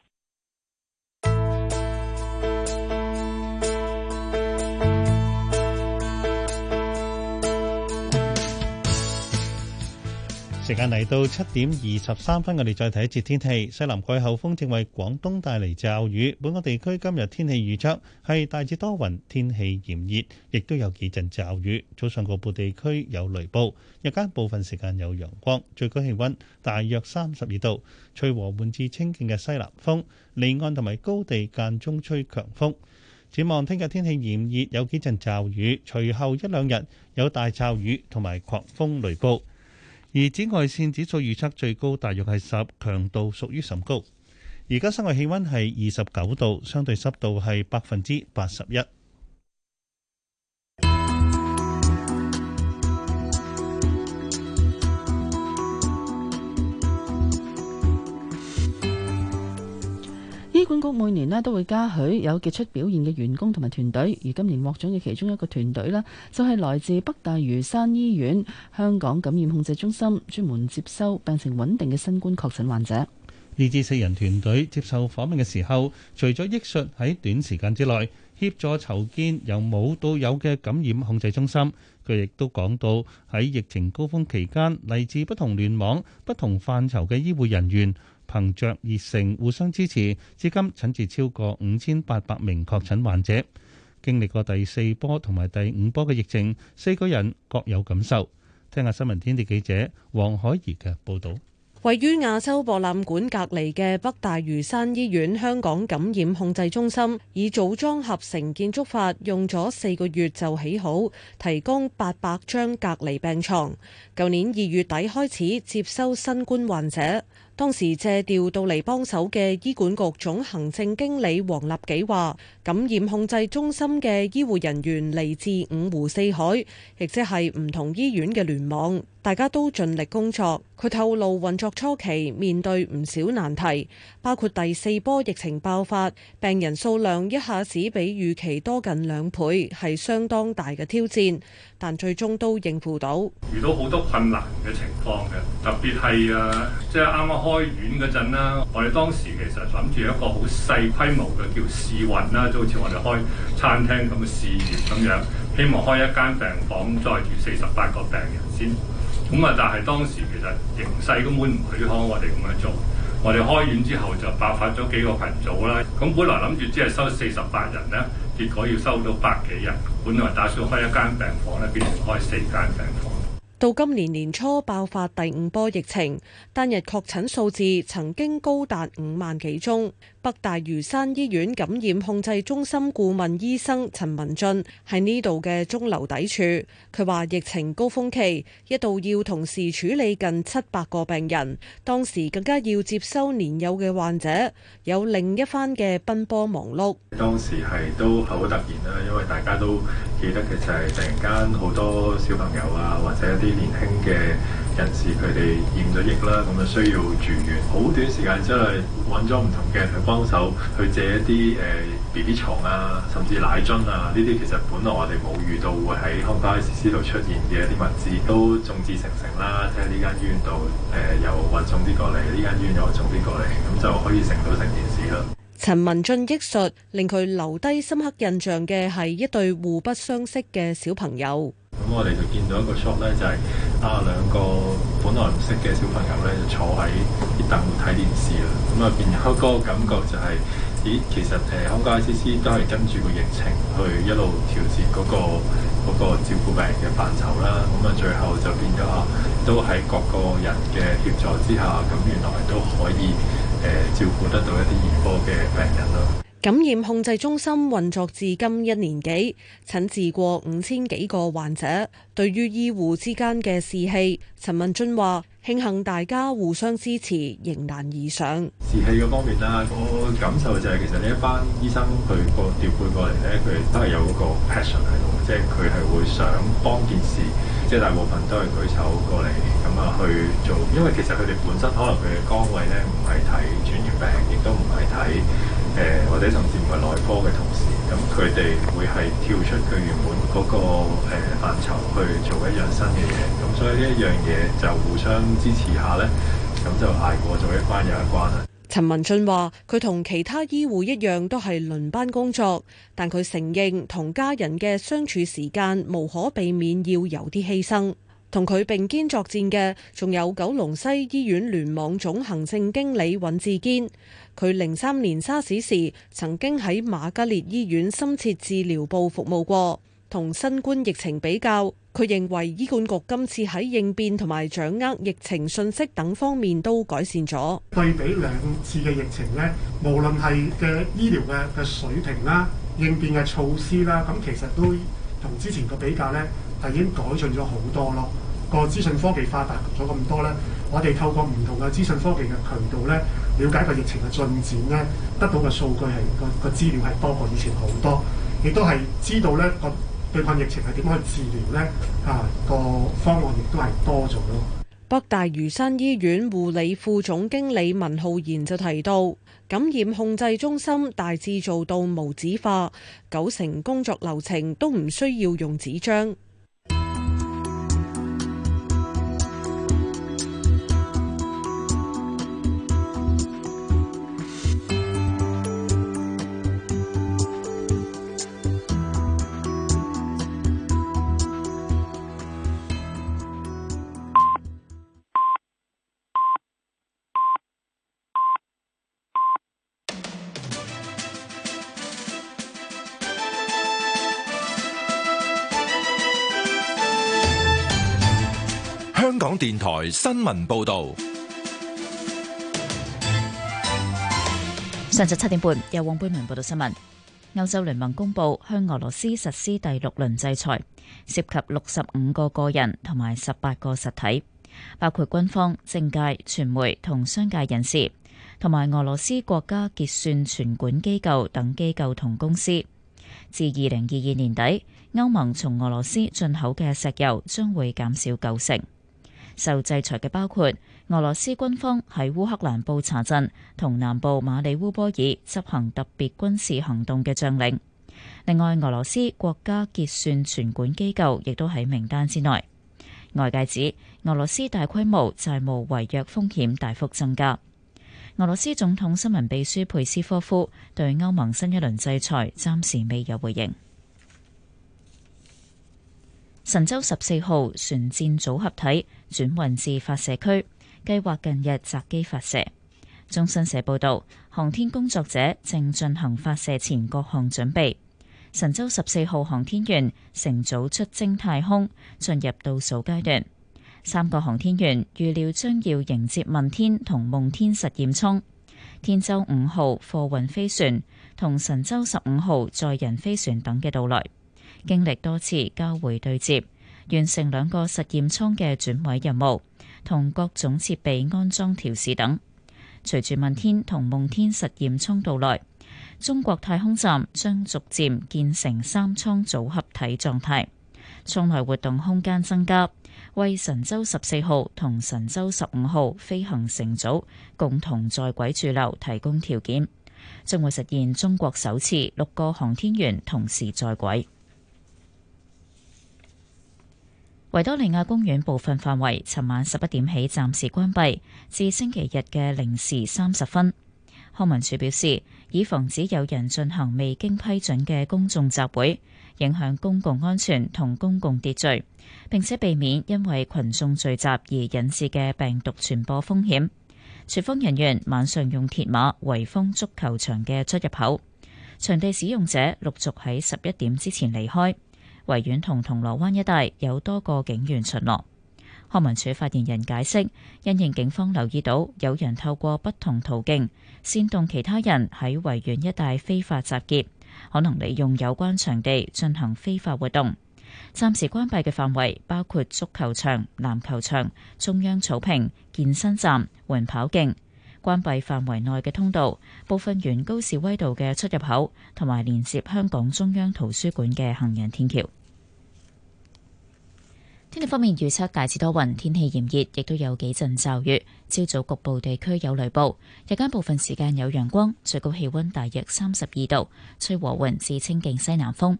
時間嚟到七點二十三分，我哋再睇一節天氣。西南季候風正為廣東帶嚟驟雨。本港地區今日天氣預測係大致多雲，天氣炎熱，亦都有幾陣驟雨。早上局部地區有雷暴，日間部分時間有陽光，最高氣温大約三十二度。隨和緩至清勁嘅西南風，離岸同埋高地間中吹強風。展望聽日天氣炎熱，有幾陣驟雨，隨後一兩日有大驟雨同埋狂風雷暴。而紫外線指數預測最高大約係十，強度屬於甚高。而家室外氣温係二十九度，相對濕度係百分之八十一。醫管局每年呢都會嘉許有傑出表現嘅員工同埋團隊，而今年獲獎嘅其中一個團隊呢，就係來自北大嶼山醫院香港感染控制中心，專門接收病情穩定嘅新冠確診患者。呢支四人團隊接受訪問嘅時候，除咗憶述喺短時間之內協助籌建由冇到有嘅感染控制中心，佢亦都講到喺疫情高峰期間，嚟自不同聯網、不同範疇嘅醫護人員。憑着熱誠，互相支持，至今診治超過五千八百名確診患者。經歷過第四波同埋第五波嘅疫症，四個人各有感受。聽下新聞天地記者黃海怡嘅報道。位於亞洲博覽館隔籬嘅北大嶼山醫院香港感染控制中心，以組裝合成建築法用咗四個月就起好，提供八百張隔離病床。舊年二月底開始接收新冠患者。當時借調到嚟幫手嘅醫管局總行政經理黃立己話，感染控制中心嘅醫護人員嚟自五湖四海，亦即係唔同醫院嘅聯網。大家都盡力工作。佢透露運作初期面對唔少難題，包括第四波疫情爆發，病人數量一下子比預期多近兩倍，係相當大嘅挑戰，但最終都應付到。遇到好多困難嘅情況嘅，特別係啊，即係啱啱開院嗰陣啦，我哋當時其實諗住一個好細規模嘅叫試運啦，就好似我哋開餐廳咁試業咁樣，希望開一間病房載住四十八個病人先。咁啊！但係當時其實形勢根本唔許可我哋咁樣做。我哋開院之後就爆發咗幾個群組啦。咁本來諗住只係收四十八人呢，結果要收到百幾人。本來打算開一間病房咧，變成開四間病房。到今年年初爆發第五波疫情，單日確診數字曾經高達五萬幾宗。北大嶼山醫院感染控制中心顧問醫生陳文俊喺呢度嘅中流砥柱，佢話疫情高峰期一度要同時處理近七百個病人，當時更加要接收年幼嘅患者，有另一番嘅奔波忙碌。當時係都好突然啦，因為大家都記得其實係突然間好多小朋友啊，或者一啲年輕嘅。人士佢哋驗咗疫啦，咁就需要住院，好短時間之內揾咗唔同嘅人去幫手，去借一啲誒 B B 床啊，甚至奶樽啊，呢啲其實本來我哋冇遇到會喺康巴醫師度出現嘅一啲物資，都眾志成城啦，即係呢間醫院度誒又運送啲過嚟，呢間醫院又運送啲過嚟，咁就可以成到成件事啦。陳文俊憶述，令佢留低深刻印象嘅係一對互不相識嘅小朋友。咁我哋就見到一個 shot 咧、就是，就係啊兩個本來唔識嘅小朋友咧，就坐喺啲凳度睇電視啦。咁啊變，嗰個感覺就係、是，咦，其實誒香港 ICC 都係跟住個疫情去一路調節嗰個照顧病嘅範疇啦。咁啊最後就變咗啊，都喺各個人嘅協助之下，咁原來都可以。誒照顧得到一啲兒科嘅病人咯。感染控制中心運作至今一年幾，診治過五千幾個患者。對於醫護之間嘅士氣，陳文俊話：慶幸大家互相支持，迎難而上。士氣嗰方面啦，我感受就係、是、其實呢一班醫生佢個調配過嚟咧，佢都係有嗰個 passion 喺度，即係佢係會想幫件事。即大部分都係舉手過嚟，咁啊去做，因為其實佢哋本身可能佢嘅崗位咧唔係睇傳染病，亦都唔係睇誒，或、呃、者甚至唔係內科嘅同事，咁佢哋會係跳出佢原本嗰個誒範疇去做一樣新嘅嘢，咁所以呢一樣嘢就互相支持下咧，咁就捱過咗一關又一關啦。陳文俊話：佢同其他醫護一樣，都係輪班工作，但佢承認同家人嘅相處時間無可避免要有啲犧牲。同佢並肩作戰嘅仲有九龍西醫院聯網總行政經理尹志堅，佢零三年沙士時曾經喺馬嘉烈醫院深切治療部服務過。同新冠疫情比較，佢認為醫管局今次喺應變同埋掌握疫情信息等方面都改善咗。對比兩次嘅疫情咧，無論係嘅醫療嘅嘅水平啦、應變嘅措施啦，咁其實都同之前嘅比較咧係已經改進咗好多咯。個資訊科技發達咗咁多咧，我哋透過唔同嘅資訊科技嘅渠道咧，了解個疫情嘅進展咧，得到嘅數據係個個資料係多過以前好多，亦都係知道咧個。對抗疫情係點樣去治療呢？嗰個方案亦都係多咗咯。北大嶼山醫院護理副總經理文浩然就提到，感染控制中心大致做到無紙化，九成工作流程都唔需要用紙張。台新聞報道，上晝七點半有黃貝文報道新聞。歐洲聯盟公布向俄羅斯實施第六輪制裁，涉及六十五個個人同埋十八個實體，包括軍方、政界、傳媒同商界人士，同埋俄羅斯國家結算存管機構等機構同公司。至二零二二年底，歐盟從俄羅斯進口嘅石油將會減少九成。受制裁嘅包括俄羅斯軍方喺烏克蘭布查鎮同南部馬里烏波爾執行特別軍事行動嘅將領，另外俄羅斯國家結算存管機構亦都喺名單之內，外界指俄羅斯大規模債務違約風險大幅增加。俄羅斯總統新聞秘書佩斯科夫對歐盟新一輪制裁暫時未有回應。神舟十四號船箭組合體轉運至發射區，計劃近日擇機發射。中新社報道，航天工作者正進行發射前各項準備。神舟十四號航天員乘組出征太空，進入倒數階段。三個航天員預料將要迎接問天同夢天實驗艙、天舟五號貨運飛船同神舟十五號載人飛船等嘅到來。經歷多次交會對接，完成兩個實驗艙嘅轉位任務，同各種設備安裝調試等。隨住問天同夢天實驗艙到來，中國太空站將逐漸建成三艙組合體狀態，艙內活動空間增加，為神舟十四號同神舟十五號飛行乘組共同在軌駐留提供條件，將會實現中國首次六個航天員同時在軌。維多利亞公園部分範圍，尋晚十一點起暫時關閉，至星期日嘅零時三十分。康文署表示，以防止有人進行未經批准嘅公眾集會，影響公共安全同公共秩序，並且避免因為群眾聚集而引致嘅病毒傳播風險。警方人員晚上用鐵馬圍封足球場嘅出入口，場地使用者陸續喺十一點之前離開。維園同銅鑼灣一帶有多個警員巡邏。康文署發言人解釋，因應警方留意到有人透過不同途徑煽動其他人喺維園一帶非法集結，可能利用有關場地進行非法活動。暫時關閉嘅範圍包括足球場、籃球場、中央草坪、健身站、緩跑徑。關閉範圍內嘅通道，部分沿高士威道嘅出入口，同埋連接香港中央圖書館嘅行人天橋。天氣方面，預測大致多雲，天氣炎熱，亦都有幾陣驟雨。朝早局部地區有雷暴，日間部分時間有陽光，最高氣溫大約三十二度，吹和緩至清勁西南風。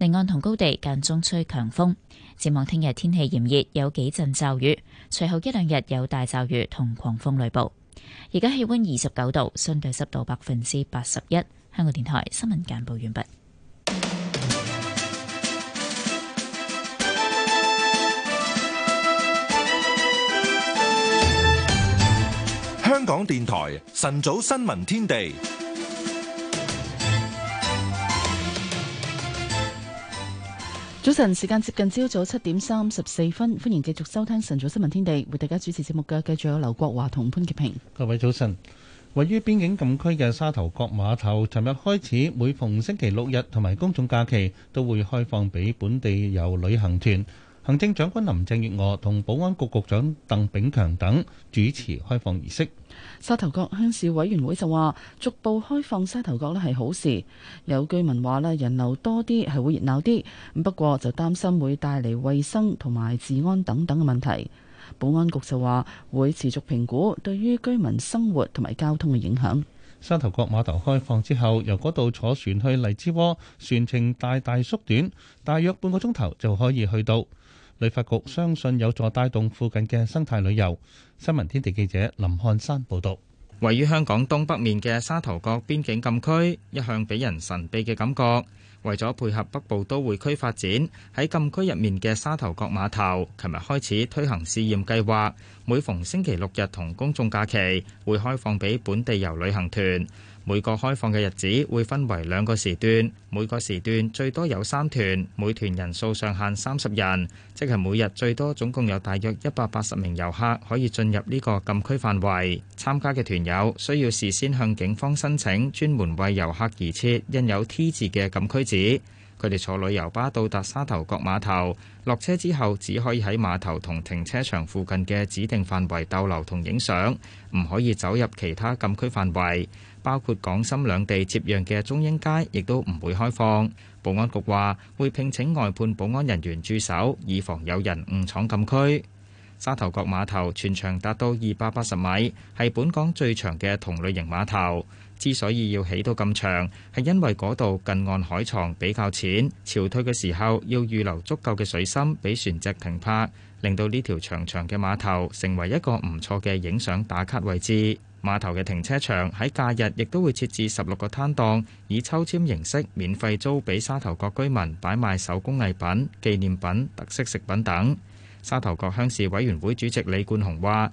離岸同高地間中吹強風。展望聽日天氣炎熱，有幾陣驟雨，隨後一兩日有大驟雨同狂風雷暴。而家氣溫二十九度，相對濕度百分之八十一。香港電台新聞簡報完畢。香港電台晨早新聞天地。早晨，時間接近朝早七點三十四分，歡迎繼續收聽晨早新聞天地，為大家主持節目嘅繼續有劉國華同潘潔平。各位早晨，位於邊境禁區嘅沙頭角碼頭，尋日開始每逢星期六日同埋公眾假期都會開放畀本地遊旅行團。行政長官林鄭月娥同保安局局長鄧炳強等主持開放儀式。沙頭角鄉事委員會就話，逐步開放沙頭角咧係好事。有居民話咧，人流多啲係會熱鬧啲，不過就擔心會帶嚟衞生同埋治安等等嘅問題。保安局就話會持續評估對於居民生活同埋交通嘅影響。沙頭角碼頭開放之後，由嗰度坐船去荔枝窩，船程大大縮短，大約半個鐘頭就可以去到。旅發局相信有助帶動附近嘅生態旅遊。新聞天地記者林漢山報道，位於香港東北面嘅沙頭角邊境禁區一向俾人神秘嘅感覺。為咗配合北部都會區發展，喺禁區入面嘅沙頭角碼頭，琴日開始推行試驗計劃，每逢星期六日同公眾假期會開放俾本地遊旅行團。每個開放嘅日子會分為兩個時段，每個時段最多有三團，每團人數上限三十人，即係每日最多總共有大約一百八十名遊客可以進入呢個禁區範圍。參加嘅團友需要事先向警方申請，專門為遊客而設印有 T 字嘅禁區紙。佢哋坐旅遊巴到達沙頭角碼頭，落車之後只可以喺碼頭同停車場附近嘅指定範圍逗留同影相，唔可以走入其他禁區範圍。包括港深兩地接壤嘅中英街，亦都唔會開放。保安局話會聘請外判保安人員駐守，以防有人誤闖禁區。沙頭角碼頭全長達到二百八十米，係本港最長嘅同類型碼頭。之所以要起到咁長，係因為嗰度近岸海床比較淺，潮退嘅時候要預留足夠嘅水深俾船隻停泊，令到呢條長長嘅碼頭成為一個唔錯嘅影相打卡位置。碼頭嘅停車場喺假日亦都會設置十六個攤檔，以抽籤形式免費租俾沙頭角居民擺賣手工藝品、紀念品、特色食品等。沙頭角鄉事委員會主席李冠雄話。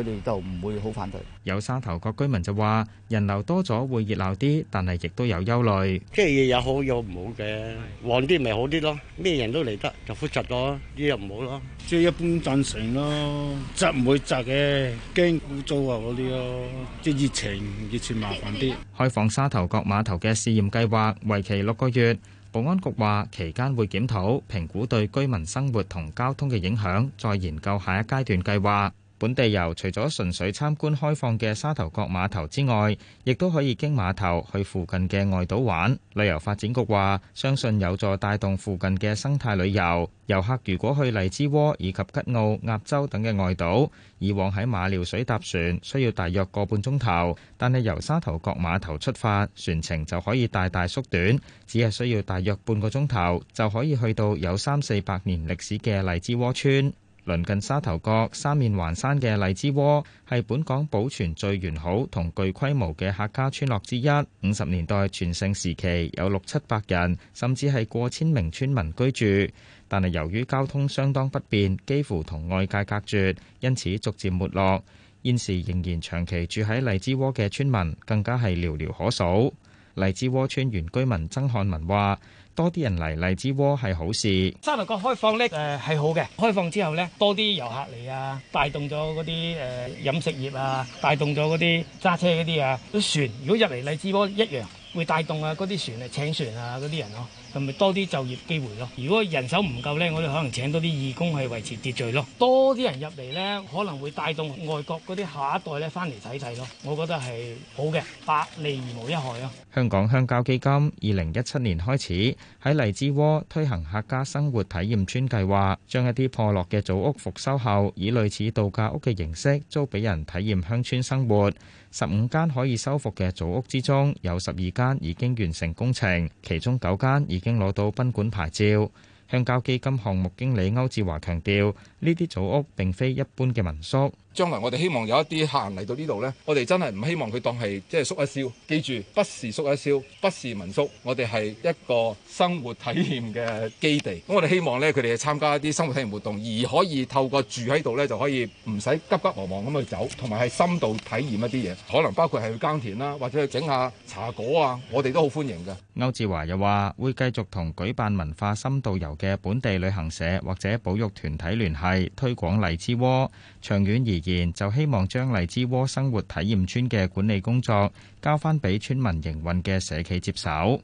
佢哋就唔會好反對。有沙頭角居民就話：人流多咗會熱鬧啲，但係亦都有憂慮。即係嘢有好有唔好嘅，旺啲咪好啲咯，咩人都嚟得就複雜咯，呢又唔好咯。即係一般贊成咯，扎唔會扎嘅，驚古糟啊嗰啲咯，即係熱情熱情麻煩啲。開放沙頭角碼頭嘅試驗計劃為期六個月，保安局話期間會檢討評估對居民生活同交通嘅影響，再研究下一階段計劃。本地遊除咗純粹參觀開放嘅沙頭角碼頭之外，亦都可以經碼頭去附近嘅外島玩。旅遊發展局話，相信有助帶動附近嘅生態旅遊。遊客如果去荔枝窩以及吉澳、鴨洲等嘅外島，以往喺馬料水搭船需要大約個半鐘頭，但係由沙頭角碼頭出發，船程就可以大大縮短，只係需要大約半個鐘頭就可以去到有三四百年歷史嘅荔枝窩村。鄰近沙頭角三面環山嘅荔枝窩，係本港保存最完好同具規模嘅客家村落之一。五十年代全盛時期，有六七百人，甚至係過千名村民居住。但係由於交通相當不便，幾乎同外界隔絕，因此逐漸沒落。現時仍然長期住喺荔枝窩嘅村民，更加係寥寥可數。荔枝窩村原居民曾漢文話：多啲人嚟荔枝窩係好事。沙頭角開放咧係、呃、好嘅，開放之後咧多啲遊客嚟啊，帶動咗嗰啲誒飲食業啊，帶動咗嗰啲揸車嗰啲啊，啲船。如果入嚟荔枝窩一樣會帶動啊，嗰啲船嚟請船啊嗰啲人哦、啊。咁咪多啲就業機會咯。如果人手唔夠咧，我哋可能請多啲義工去維持秩序咯。多啲人入嚟咧，可能會帶動外國嗰啲下一代咧翻嚟睇睇咯。我覺得係好嘅，百利而無一害啊。香港鄉郊基金二零一七年開始喺荔枝窩推行客家生活體驗村計劃，將一啲破落嘅祖屋復修後，以類似度假屋嘅形式租俾人體驗鄉村生活。十五間可以修復嘅祖屋之中，有十二間已經完成工程，其中九間已經攞到賓館牌照。香郊基金項目經理歐志華強調，呢啲祖屋並非一般嘅民宿。將來我哋希望有一啲客人嚟到呢度呢，我哋真係唔希望佢當係即係宿一宵。記住，不是宿一宵，不是民宿，我哋係一個生活體驗嘅基地。咁我哋希望呢，佢哋係參加一啲生活體驗活動，而可以透過住喺度呢，就可以唔使急急忙忙咁去走，同埋係深度體驗一啲嘢，可能包括係去耕田啦、啊，或者去整下茶果啊，我哋都好歡迎嘅。歐志華又話：會繼續同舉辦文化深度遊嘅本地旅行社或者保育團體聯繫，推廣荔枝窩長遠而。就希望將荔枝窩生活體驗村嘅管理工作交翻俾村民營運嘅社企接手。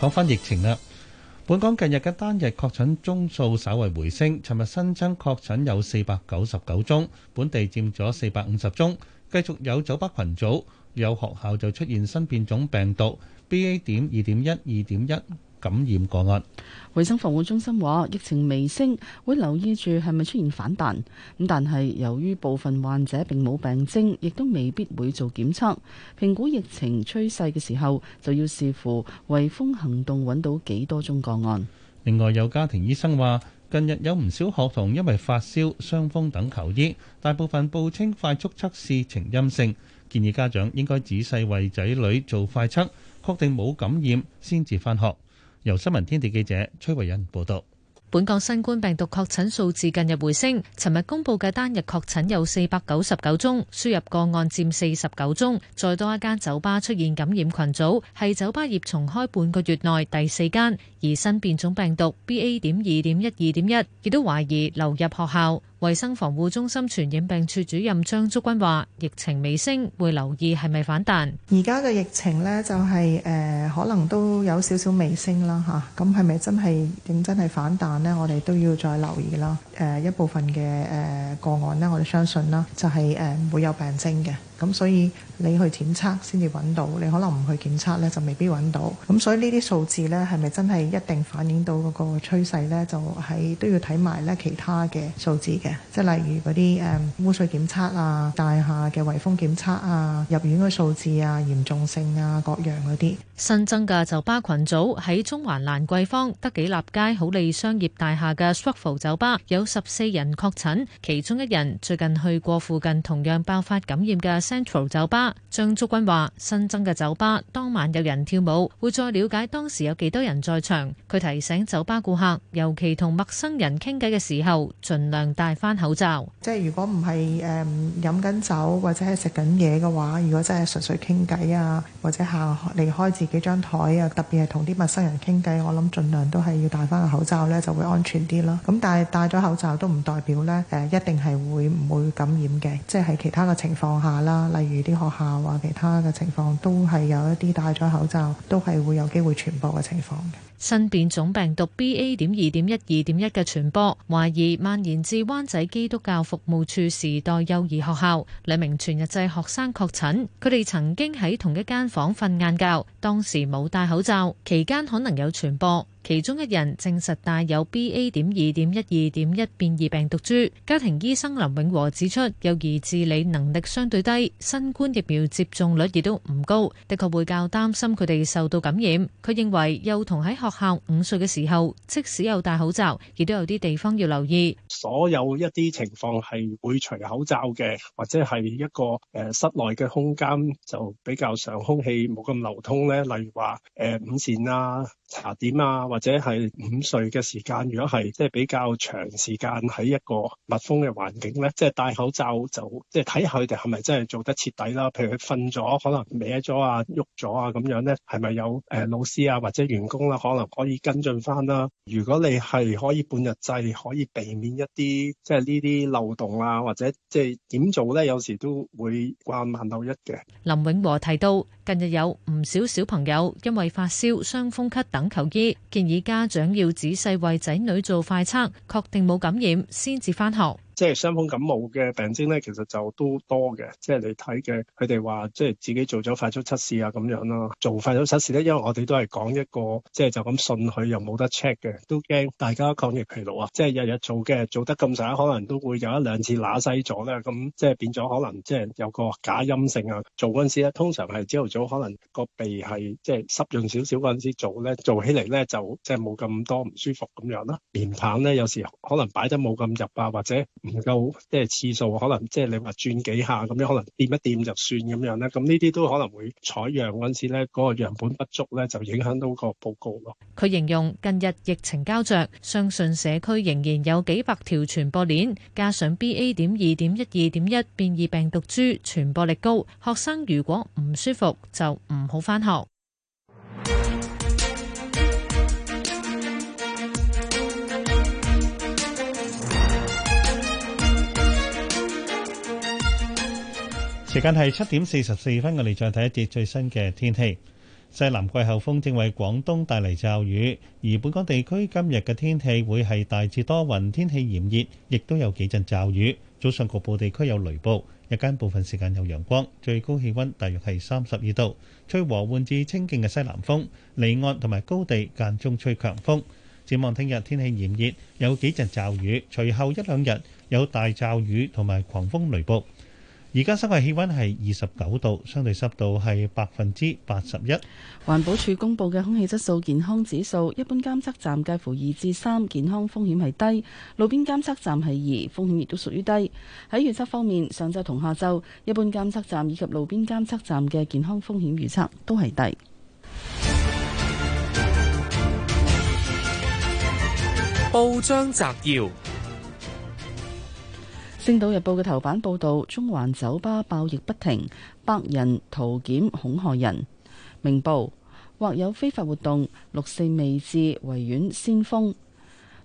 講翻疫情啦。本港近日嘅單日確診宗數稍為回升，尋日新增確診有四百九十九宗，本地佔咗四百五十宗，繼續有酒吧群組、有學校就出現新變種病毒 BA. 點二點一、二點一感染個案，衛生防護中心話疫情微升，會留意住係咪出現反彈。咁但係由於部分患者並冇病徵，亦都未必會做檢測。評估疫情趨勢嘅時候，就要視乎圍封行動揾到幾多宗個案。另外有家庭醫生話，近日有唔少學童因為發燒、傷風等求醫，大部分報稱快速測試呈陰性，建議家長應該仔細為仔女做快測，確定冇感染先至返學。由新聞天地記者崔慧欣報道，本港新冠病毒確診數字近日回升，尋日公布嘅單日確診有四百九十九宗，輸入個案佔四十九宗，再多一間酒吧出現感染群組，係酒吧業重開半個月內第四間，而新變種病毒 BA. 點二點一二點一亦都懷疑流入學校。衛生防護中心傳染病處主任張竹君話，疫情微升，會留意係咪反彈。而家嘅疫情呢、就是，就係誒，可能都有少少微升啦吓。咁係咪真係點真係反彈呢？我哋都要再留意啦。誒、呃，一部分嘅誒、呃、個案呢，我哋相信啦，就係誒唔會有病徵嘅。咁、嗯、所以你去檢測先至揾到，你可能唔去檢測咧就未必揾到。咁、嗯、所以呢啲數字咧係咪真係一定反映到嗰個趨勢咧？就係都要睇埋咧其他嘅數字嘅，即係例如嗰啲誒污水檢測啊、大廈嘅圍封檢測啊、入院嘅數字啊、嚴重性啊各樣嗰啲。新增嘅酒吧群組，喺中環蘭桂坊德己立街好利商業大廈嘅 s w 酒吧有十四人確診，其中一人最近去過附近同樣爆發感染嘅。Central 酒吧，張竹君話：新增嘅酒吧當晚有人跳舞，會再了解當時有幾多人在場。佢提醒酒吧顧客，尤其同陌生人傾偈嘅時候，盡量戴翻口罩。即係如果唔係誒飲緊酒或者係食緊嘢嘅話，如果真係純粹傾偈啊，或者下離開自己張枱啊，特別係同啲陌生人傾偈，我諗盡量都係要戴翻個口罩咧，就會安全啲囉。咁但係戴咗口罩都唔代表咧誒一定係會唔會感染嘅，即係其他嘅情況下啦。例如啲學校啊，其他嘅情況都係有一啲戴咗口罩，都係會有機會傳播嘅情況嘅。新變種病毒 BA 點二點一二點一嘅傳播，懷疑蔓延至灣仔基督教服務處時代幼兒學校，兩名全日制學生確診，佢哋曾經喺同一間房瞓晏覺，當時冇戴口罩，期間可能有傳播。其中一人證實帶有 BA. 點二點一二點一變異病毒株。家庭醫生林永和指出，幼兒自理能力相對低，新冠疫苗接種率亦都唔高，的確會較擔心佢哋受到感染。佢認為幼童喺學校午睡嘅時候，即使有戴口罩，亦都有啲地方要留意。所有一啲情況係會除口罩嘅，或者係一個誒室內嘅空間就比較上空氣冇咁流通咧，例如話誒午膳啊。茶點啊，或者係午睡嘅時間，如果係即係比較長時間喺一個密封嘅環境咧，即係戴口罩就即係睇下佢哋係咪真係做得徹底啦。譬如佢瞓咗，可能歪咗啊、喐咗啊咁樣咧，係咪有誒、呃、老師啊或者員工啦、啊，可能可以跟進翻啦、啊。如果你係可以半日制，可以避免一啲即係呢啲漏洞啊，或者即係點做咧，有時都會掛萬漏一嘅。林永和提到。近日有唔少小朋友因為發燒傷風咳等求醫，建議家長要仔細為仔女做快測，確定冇感染先至返學。即係傷風感冒嘅病徵咧，其實就都多嘅。即係你睇嘅，佢哋話即係自己做咗快速測試啊咁樣咯。做快速測試咧，因為我哋都係講一個，即係就咁信佢又冇得 check 嘅，都驚大家抗疫疲勞啊。即係日日做嘅，做得咁曬，可能都會有一兩次乸西咗咧。咁即係變咗可能即係有個假陰性啊。做嗰陣時咧，通常係朝頭早可能個鼻係即係濕潤少少嗰陣時做咧，做起嚟咧就即係冇咁多唔舒服咁樣啦、啊。棉棒咧，有時可能擺得冇咁入啊，或者，唔夠即係次數，可能即係你話轉幾下咁樣，可能掂一掂就算咁樣咧。咁呢啲都可能會採樣嗰陣時咧，嗰個樣本不足呢，就影響到個報告咯。佢形容近日疫情膠着，相信社區仍然有幾百條傳播鏈，加上 B A 點二點一二點一變異病毒株傳播力高，學生如果唔舒服就唔好返學。時間係七點四十四分，我哋再睇一節最新嘅天氣。西南季候風正為廣東帶嚟驟雨，而本港地區今日嘅天氣會係大致多雲，天氣炎熱，亦都有幾陣驟雨。早上局部地區有雷暴，日間部分時間有陽光，最高氣温大約係三十二度，吹和緩至清勁嘅西南風，離岸同埋高地間中吹強風。展望聽日天氣炎熱，有幾陣驟雨，隨後一兩日有大驟雨同埋狂風雷暴。而家室外氣温係二十九度，相對濕度係百分之八十一。環保署公布嘅空氣質素健康指數，一般監測站介乎二至三，健康風險係低；路邊監測站係二，風險亦都屬於低。喺預測方面，上晝同下晝，一般監測站以及路邊監測站嘅健康風險預測都係低。報章摘要。《星島日報》嘅頭版報道，中環酒吧爆疫不停，百人逃檢恐害人。《明報》或有非法活動，六四未至，維園先鋒。《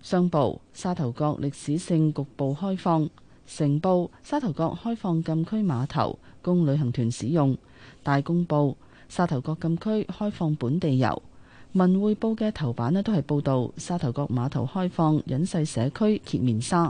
商報》沙頭角歷史性局部開放。《成報》沙頭角開放禁區碼頭供旅行團使用。《大公報》沙頭角禁區開放本地遊。《文匯報》嘅頭版呢都係報道沙頭角碼頭開放，隱世社區揭面紗。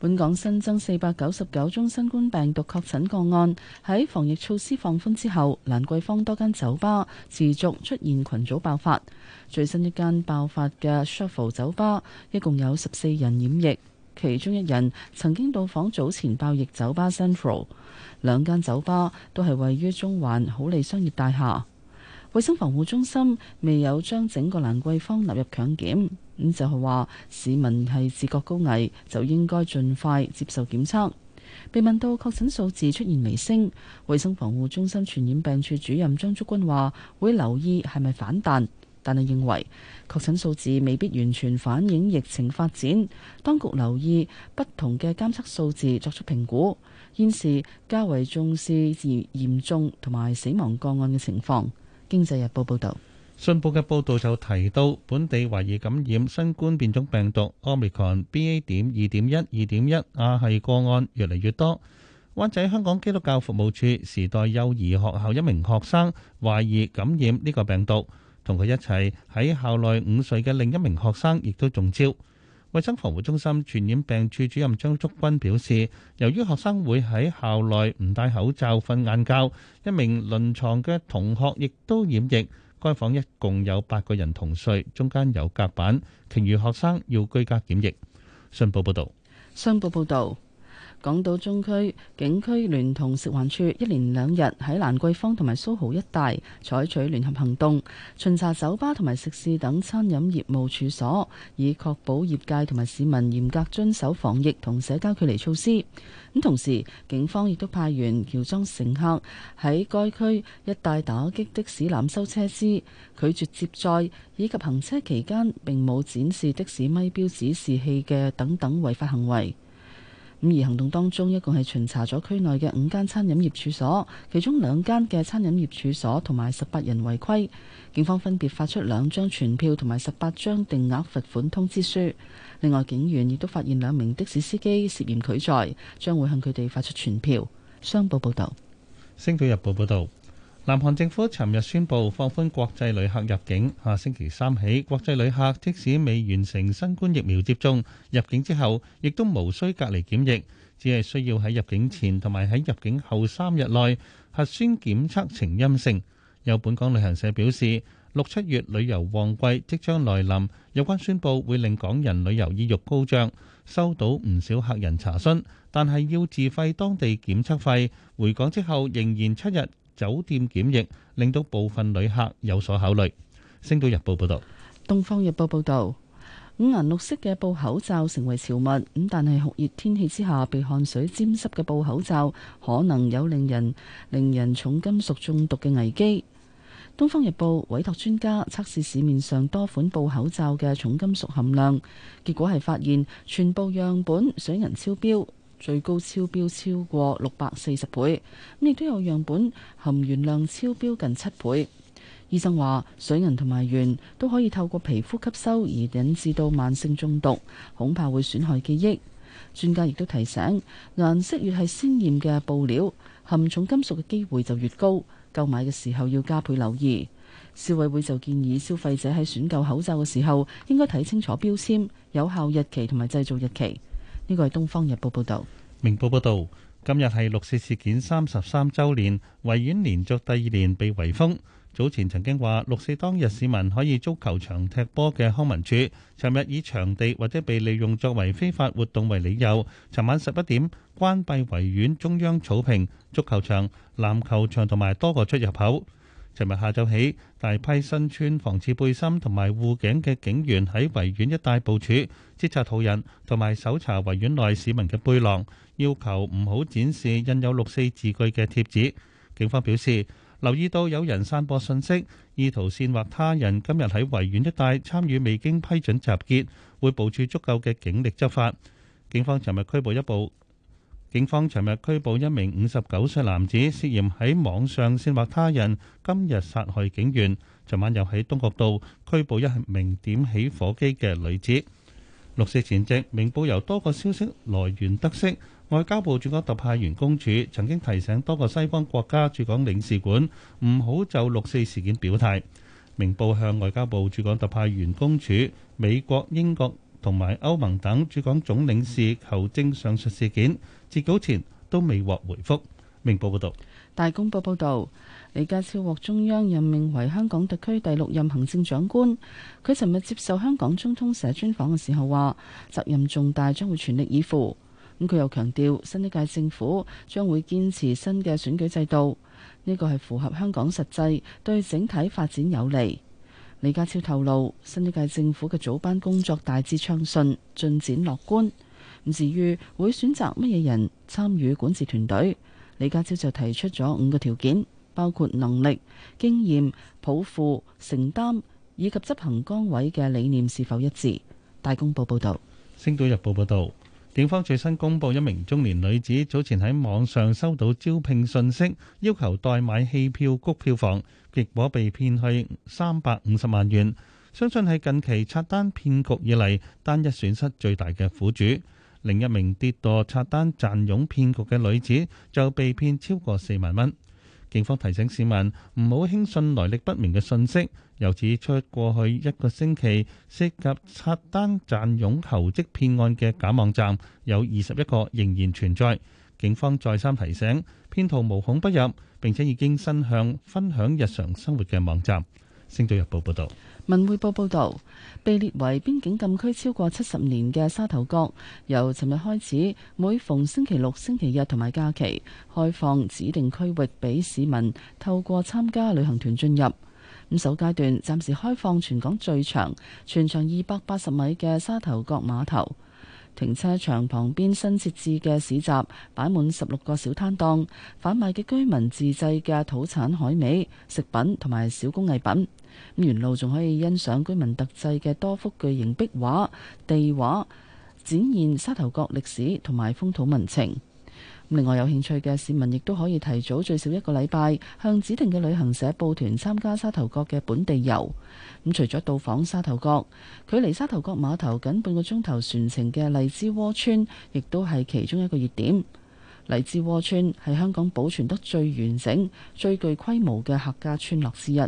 本港新增四百九十九宗新冠病毒確診個案，喺防疫措施放寬之後，蘭桂坊多間酒吧持續出現群組爆發。最新一間爆發嘅 Shuffle 酒吧，一共有十四人染疫，其中一人曾經到訪早前爆疫酒吧 Central。兩間酒吧都係位於中環好利商業大廈。衛生防護中心未有將整個蘭桂坊納入強檢。咁就係話市民係自覺高危，就應該盡快接受檢測。被問到確診數字出現微升，衛生防護中心傳染病處主任張竹君話會留意係咪反彈，但係認為確診數字未必完全反映疫情發展。當局留意不同嘅監測數字作出評估，現時較為重視嚴嚴重同埋死亡個案嘅情況，經濟日報報道。信報嘅報導就提到，本地懷疑感染新冠變種病毒 Omicron BA. 點二點一二點一亞系個案越嚟越多。灣仔香港基督教服務處時代幼兒學校一名學生懷疑感染呢個病毒，同佢一齊喺校內五歲嘅另一名學生亦都中招。衛生防護中心傳染病處主任張竹君表示，由於學生會喺校內唔戴口罩瞓晏覺，一名鄰牀嘅同學亦都染疫。該房一共有八個人同睡，中間有隔板，其餘學生要居家檢疫。信報報道。信報報道。港島中區警區聯同食環署一連兩日喺蘭桂坊同埋蘇豪一帶採取聯合行動，巡查酒吧同埋食肆等餐飲業務處所，以確保業界同埋市民嚴格遵守防疫同社交距離措施。咁同時，警方亦都派員喬裝乘客喺該區一帶打擊的士濫收車資，拒絕接載以及行車期間並冇展示的士咪標指示器嘅等等違法行為。五而行動當中，一共係巡查咗區內嘅五間餐飲業處所，其中兩間嘅餐飲業處所同埋十八人違規，警方分別發出兩張傳票同埋十八張定額罰款通知書。另外警員亦都發現兩名的士司機涉嫌拒載，將會向佢哋發出傳票。商報報道。星島日報報道。南韓政府尋日宣布放寬國際旅客入境，下星期三起，國際旅客即使未完成新冠疫苗接種，入境之後亦都無需隔離檢疫，只係需要喺入境前同埋喺入境後三日內核酸檢測呈陰性。有本港旅行社表示，六七月旅遊旺季即將來臨，有關宣布會令港人旅遊意欲高漲，收到唔少客人查詢，但係要自費當地檢測費，回港之後仍然七日酒店檢疫令到部分旅客有所考慮。星島日報報道，東方日報報道，五顏六色嘅布口罩成為潮物，咁但係酷熱天氣之下，被汗水沾濕嘅布口罩可能有令人令人重金屬中毒嘅危機。東方日報委託專家測試市面上多款布口罩嘅重金屬含量，結果係發現全部樣本水銀超標。最高超標超過六百四十倍，亦都有樣本含鉛量超標近七倍。醫生話，水銀同埋鉛都可以透過皮膚吸收而引致到慢性中毒，恐怕會損害記憶。專家亦都提醒，顏色越係鮮艷嘅布料，含重金屬嘅機會就越高。購買嘅時候要加倍留意。消委會就建議消費者喺選購口罩嘅時候，應該睇清楚標籤、有效日期同埋製造日期。呢個係《東方日報》報導，《明報》報導，今日係六四事件三十三週年，維園連續第二年被圍封。早前曾經話六四當日市民可以租球場踢波嘅康文署，尋日以場地或者被利用作為非法活動為理由，尋晚十一點關閉維園中央草坪、足球場、籃球場同埋多個出入口。尋日下晝起，大批身穿防刺背心同埋護頸嘅警員喺維園一帶部署，執查途人同埋搜查維園內市民嘅背囊，要求唔好展示印有六四字句嘅貼紙。警方表示留意到有人散播信息，意圖煽惑他人，今日喺維園一帶參與未經批准集結，會部署足夠嘅警力執法。警方尋日拘捕一部。警方尋日拘捕一名五十九歲男子，涉嫌喺網上煽惑他人，今日殺害警員，昨晚又喺東角道拘捕一名點起火機嘅女子。六四前夕，明報由多個消息來源得悉，外交部駐港特派員公署曾經提醒多個西方國家駐港領事館唔好就六四事件表態。明報向外交部駐港特派員公署、美國、英國同埋歐盟等駐港總領事求證上述事件。截稿前都未獲回覆。明報報導，大公報報道，李家超獲中央任命為香港特區第六任行政長官。佢尋日接受香港中通社專訪嘅時候話：責任重大，將會全力以赴。咁佢又強調，新一屆政府將會堅持新嘅選舉制度，呢個係符合香港實際，對整體發展有利。李家超透露，新一屆政府嘅組班工作大致暢順，進展樂觀。唔至於會選擇乜嘢人參與管治團隊，李家超就提出咗五個條件，包括能力、經驗、抱負、承擔以及執行崗位嘅理念是否一致。大公報報道，星島日報報道，警方最新公布一名中年女子早前喺網上收到招聘信息，要求代買戲票、谷票房，結果被騙去三百五十萬元，相信係近期刷單騙局以嚟單一損失最大嘅苦主。另一名跌墮刷單賺佣騙局嘅女子就被騙超過四萬蚊。警方提醒市民唔好輕信來歷不明嘅信息。由此出過去一個星期涉及刷單賺佣求職騙案嘅假網站有二十一個仍然存在。警方再三提醒，騙徒無孔不入，並且已經伸向分享日常生活嘅網站。星島日報報道。文匯報報道，被列為邊境禁區超過七十年嘅沙頭角，由尋日開始，每逢星期六、星期日同埋假期，開放指定區域俾市民透過參加旅行團進入。咁首階段暫時開放全港最長、全長二百八十米嘅沙頭角碼頭。停車場旁邊新設置嘅市集，擺滿十六個小攤檔，販賣嘅居民自製嘅土產海味食品同埋小工藝品。沿路仲可以欣賞居民特製嘅多幅巨型壁畫、地畫，展現沙頭角歷史同埋風土民情。另外，有興趣嘅市民亦都可以提早最少一個禮拜向指定嘅旅行社報團參加沙頭角嘅本地遊。咁除咗到訪沙頭角，距離沙頭角碼頭僅半個鐘頭船程嘅荔枝窩村，亦都係其中一個熱點。荔枝窩村係香港保存得最完整、最具規模嘅客家村落之一。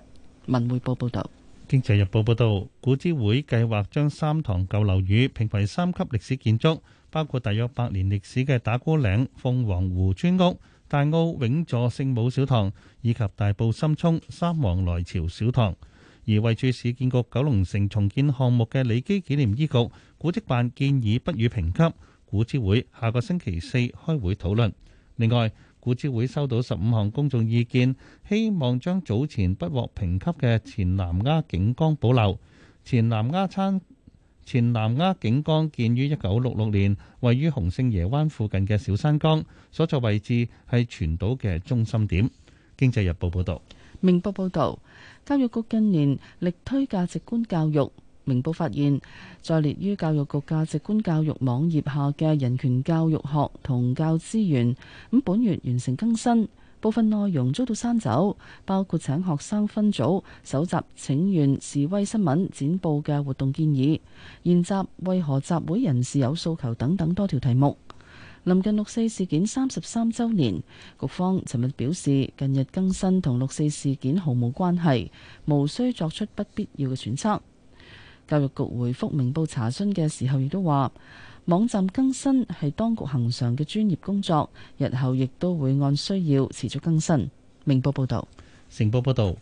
文匯報報導，《經濟日報》報導，古諮會計劃將三堂舊樓宇評為三級歷史建築。包括大約百年歷史嘅打鼓嶺鳳凰湖村屋、大澳永助聖母小堂以及大埔深涌三王來朝小堂，而位處市建局九龍城重建項目嘅李基紀念醫局古蹟辦建議不予評級，古諮會下個星期四開會討論。另外，古諮會收到十五項公眾意見，希望將早前不獲評級嘅前南丫警崗保留。前南丫餐。前南丫景江建於一九六六年，位於洪聖爺灣附近嘅小山崗，所在位置係全島嘅中心點。經濟日報報道，明報報道，教育局近年力推價值觀教育。明報發現，在列於教育局價值觀教育網頁下嘅人權教育學同教資源，咁本月完成更新。部分內容遭到刪走，包括請學生分組搜集請願示威新聞展佈嘅活動建議、研習為何集會人士有訴求等等多條題目。臨近六四事件三十三周年，局方尋日表示，近日更新同六四事件毫無關係，無需作出不必要嘅選擇。教育局回覆明報查詢嘅時候亦都話。網站更新係當局恆常嘅專業工作，日後亦都會按需要持續更新。明報報導，成報報導，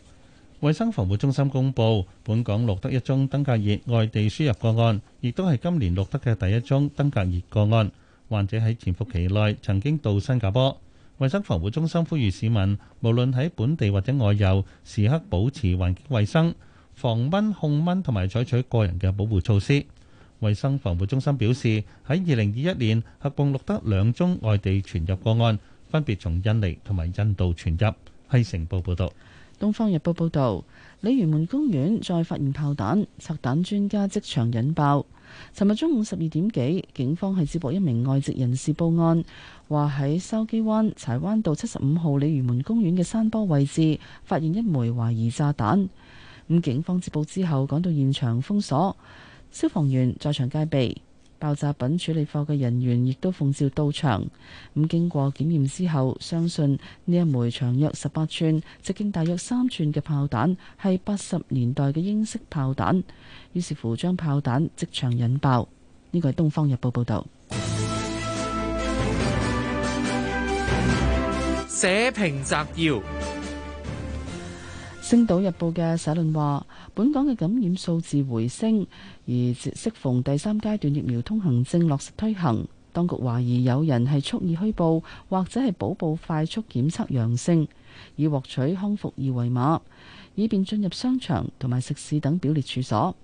衞生防護中心公布，本港錄得一宗登革熱外地輸入個案，亦都係今年錄得嘅第一宗登革熱個案。患者喺潛伏期內曾經到新加坡。衞生防護中心呼籲市民，無論喺本地或者外遊，時刻保持環境衞生、防蚊控蚊同埋採取個人嘅保護措施。衛生防護中心表示，喺二零二一年，合共錄得兩宗外地傳入個案，分別從印尼同埋印度傳入。《星城報》報道，《東方日報》報道，鯉魚門公園再發現炮彈，拆彈專家即場引爆。尋日中午十二點幾，警方係接獲一名外籍人士報案，話喺筲箕灣柴灣道七十五號鯉魚門公園嘅山坡位置發現一枚懷疑炸彈。咁警方接報之後，趕到現場封鎖。消防員在場戒備，爆炸品處理課嘅人員亦都奉召到場。咁經過檢驗之後，相信呢一枚長約十八寸、直徑大約三寸嘅炮彈係八十年代嘅英式炮彈。於是乎，將炮彈即場引爆。呢個係《東方日報》報道。社評摘要。《星島日報》嘅社論話：本港嘅感染數字回升，而適逢第三階段疫苗通行證落實推行，當局懷疑有人係蓄意虛報，或者係補報快速檢測陽性，以獲取康復二維碼，以便進入商場同埋食肆等表列處所。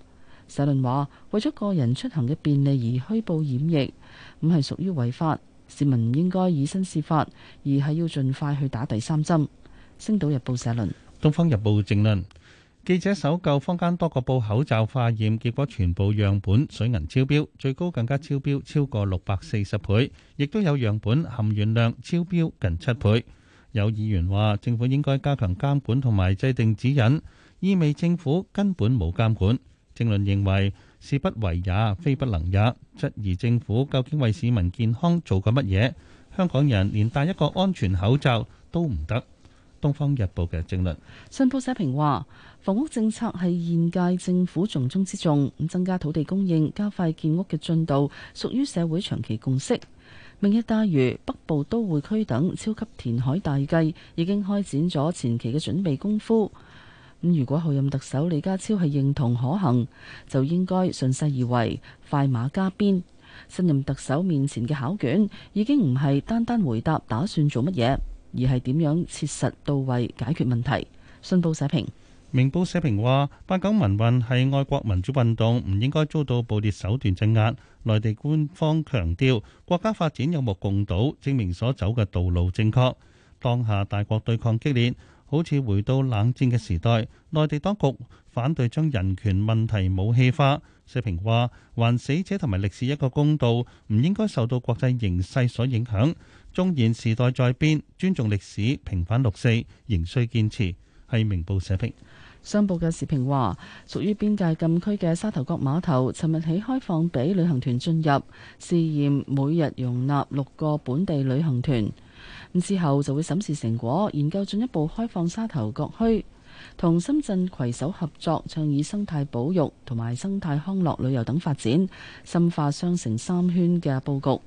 社論話：為咗個人出行嘅便利而虛報染疫，唔係屬於違法。市民唔應該以身試法，而係要盡快去打第三針。《星島日報》社論。《東方日報》政論記者搜購坊間多個布口罩化驗結果，全部樣本水銀超標，最高更加超標超過六百四十倍，亦都有樣本含鉛量超標近七倍。有議員話，政府應該加強監管同埋制定指引，意味政府根本冇監管。政論認為，是不為也，非不能也，質疑政府究竟為市民健康做緊乜嘢？香港人連戴一個安全口罩都唔得。《東方日報》嘅政論，信報社評話：房屋政策係現屆政府重中之重，增加土地供應、加快建屋嘅進度，屬於社會長期共識。明日大嶼、北部都會區等超級填海大計已經開展咗前期嘅準備功夫。咁如果候任特首李家超係認同可行，就應該順勢而為，快馬加鞭。新任特首面前嘅考卷已經唔係單單回答打算做乜嘢。而係點樣切實到位解決問題？信報社評。明報社評話：八九民運係愛國民主運動，唔應該遭到暴力手段鎮壓。內地官方強調，國家發展有目共睹，證明所走嘅道路正確。當下大國對抗激烈，好似回到冷戰嘅時代。內地當局反對將人權問題武器化。社評話，還死者同埋歷史一個公道，唔應該受到國際形勢所影響。中現時代在變，尊重歷史，平反六四，仍需堅持。係明報社評。商報嘅時評話，屬於邊界禁區嘅沙頭角碼頭，尋日起開放俾旅行團進入，試驗每日容納六個本地旅行團。咁之後就會審視成果，研究進一步開放沙頭角區，同深圳攜手合作，倡議生態保育同埋生態康樂旅遊等發展，深化雙城三圈嘅佈局。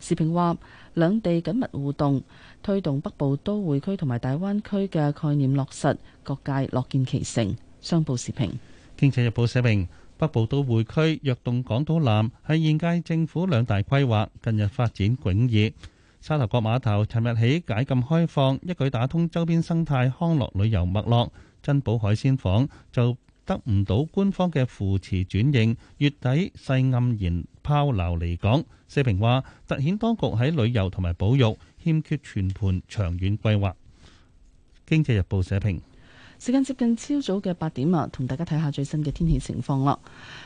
時評話，兩地緊密互動，推動北部都會區同埋大灣區嘅概念落實，各界樂見其成。商報時評，《經濟日報》社評，北部都會區躍動港島南係現屆政府兩大規劃，近日發展迥異。沙頭角碼頭尋日起解禁開放，一舉打通周邊生態康樂旅遊脈絡。珍寶海鮮舫就得唔到官方嘅扶持轉型，月底勢黯然拋流離港。社評話，突顯當局喺旅遊同埋保育欠缺全盤長遠規劃。經濟日報社評。時間接近朝早嘅八點啊，同大家睇下最新嘅天氣情況啦。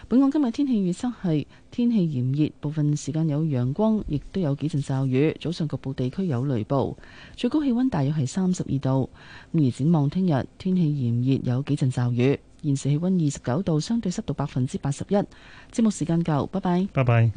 本港今日天氣預測係天氣炎熱，部分時間有陽光，亦都有幾陣驟雨，早上局部地區有雷暴，最高氣溫大約係三十二度。咁而展望聽日，天氣炎熱，有幾陣驟雨。現時氣温二十九度，相對濕度百分之八十一。節目時間夠，拜拜。拜拜。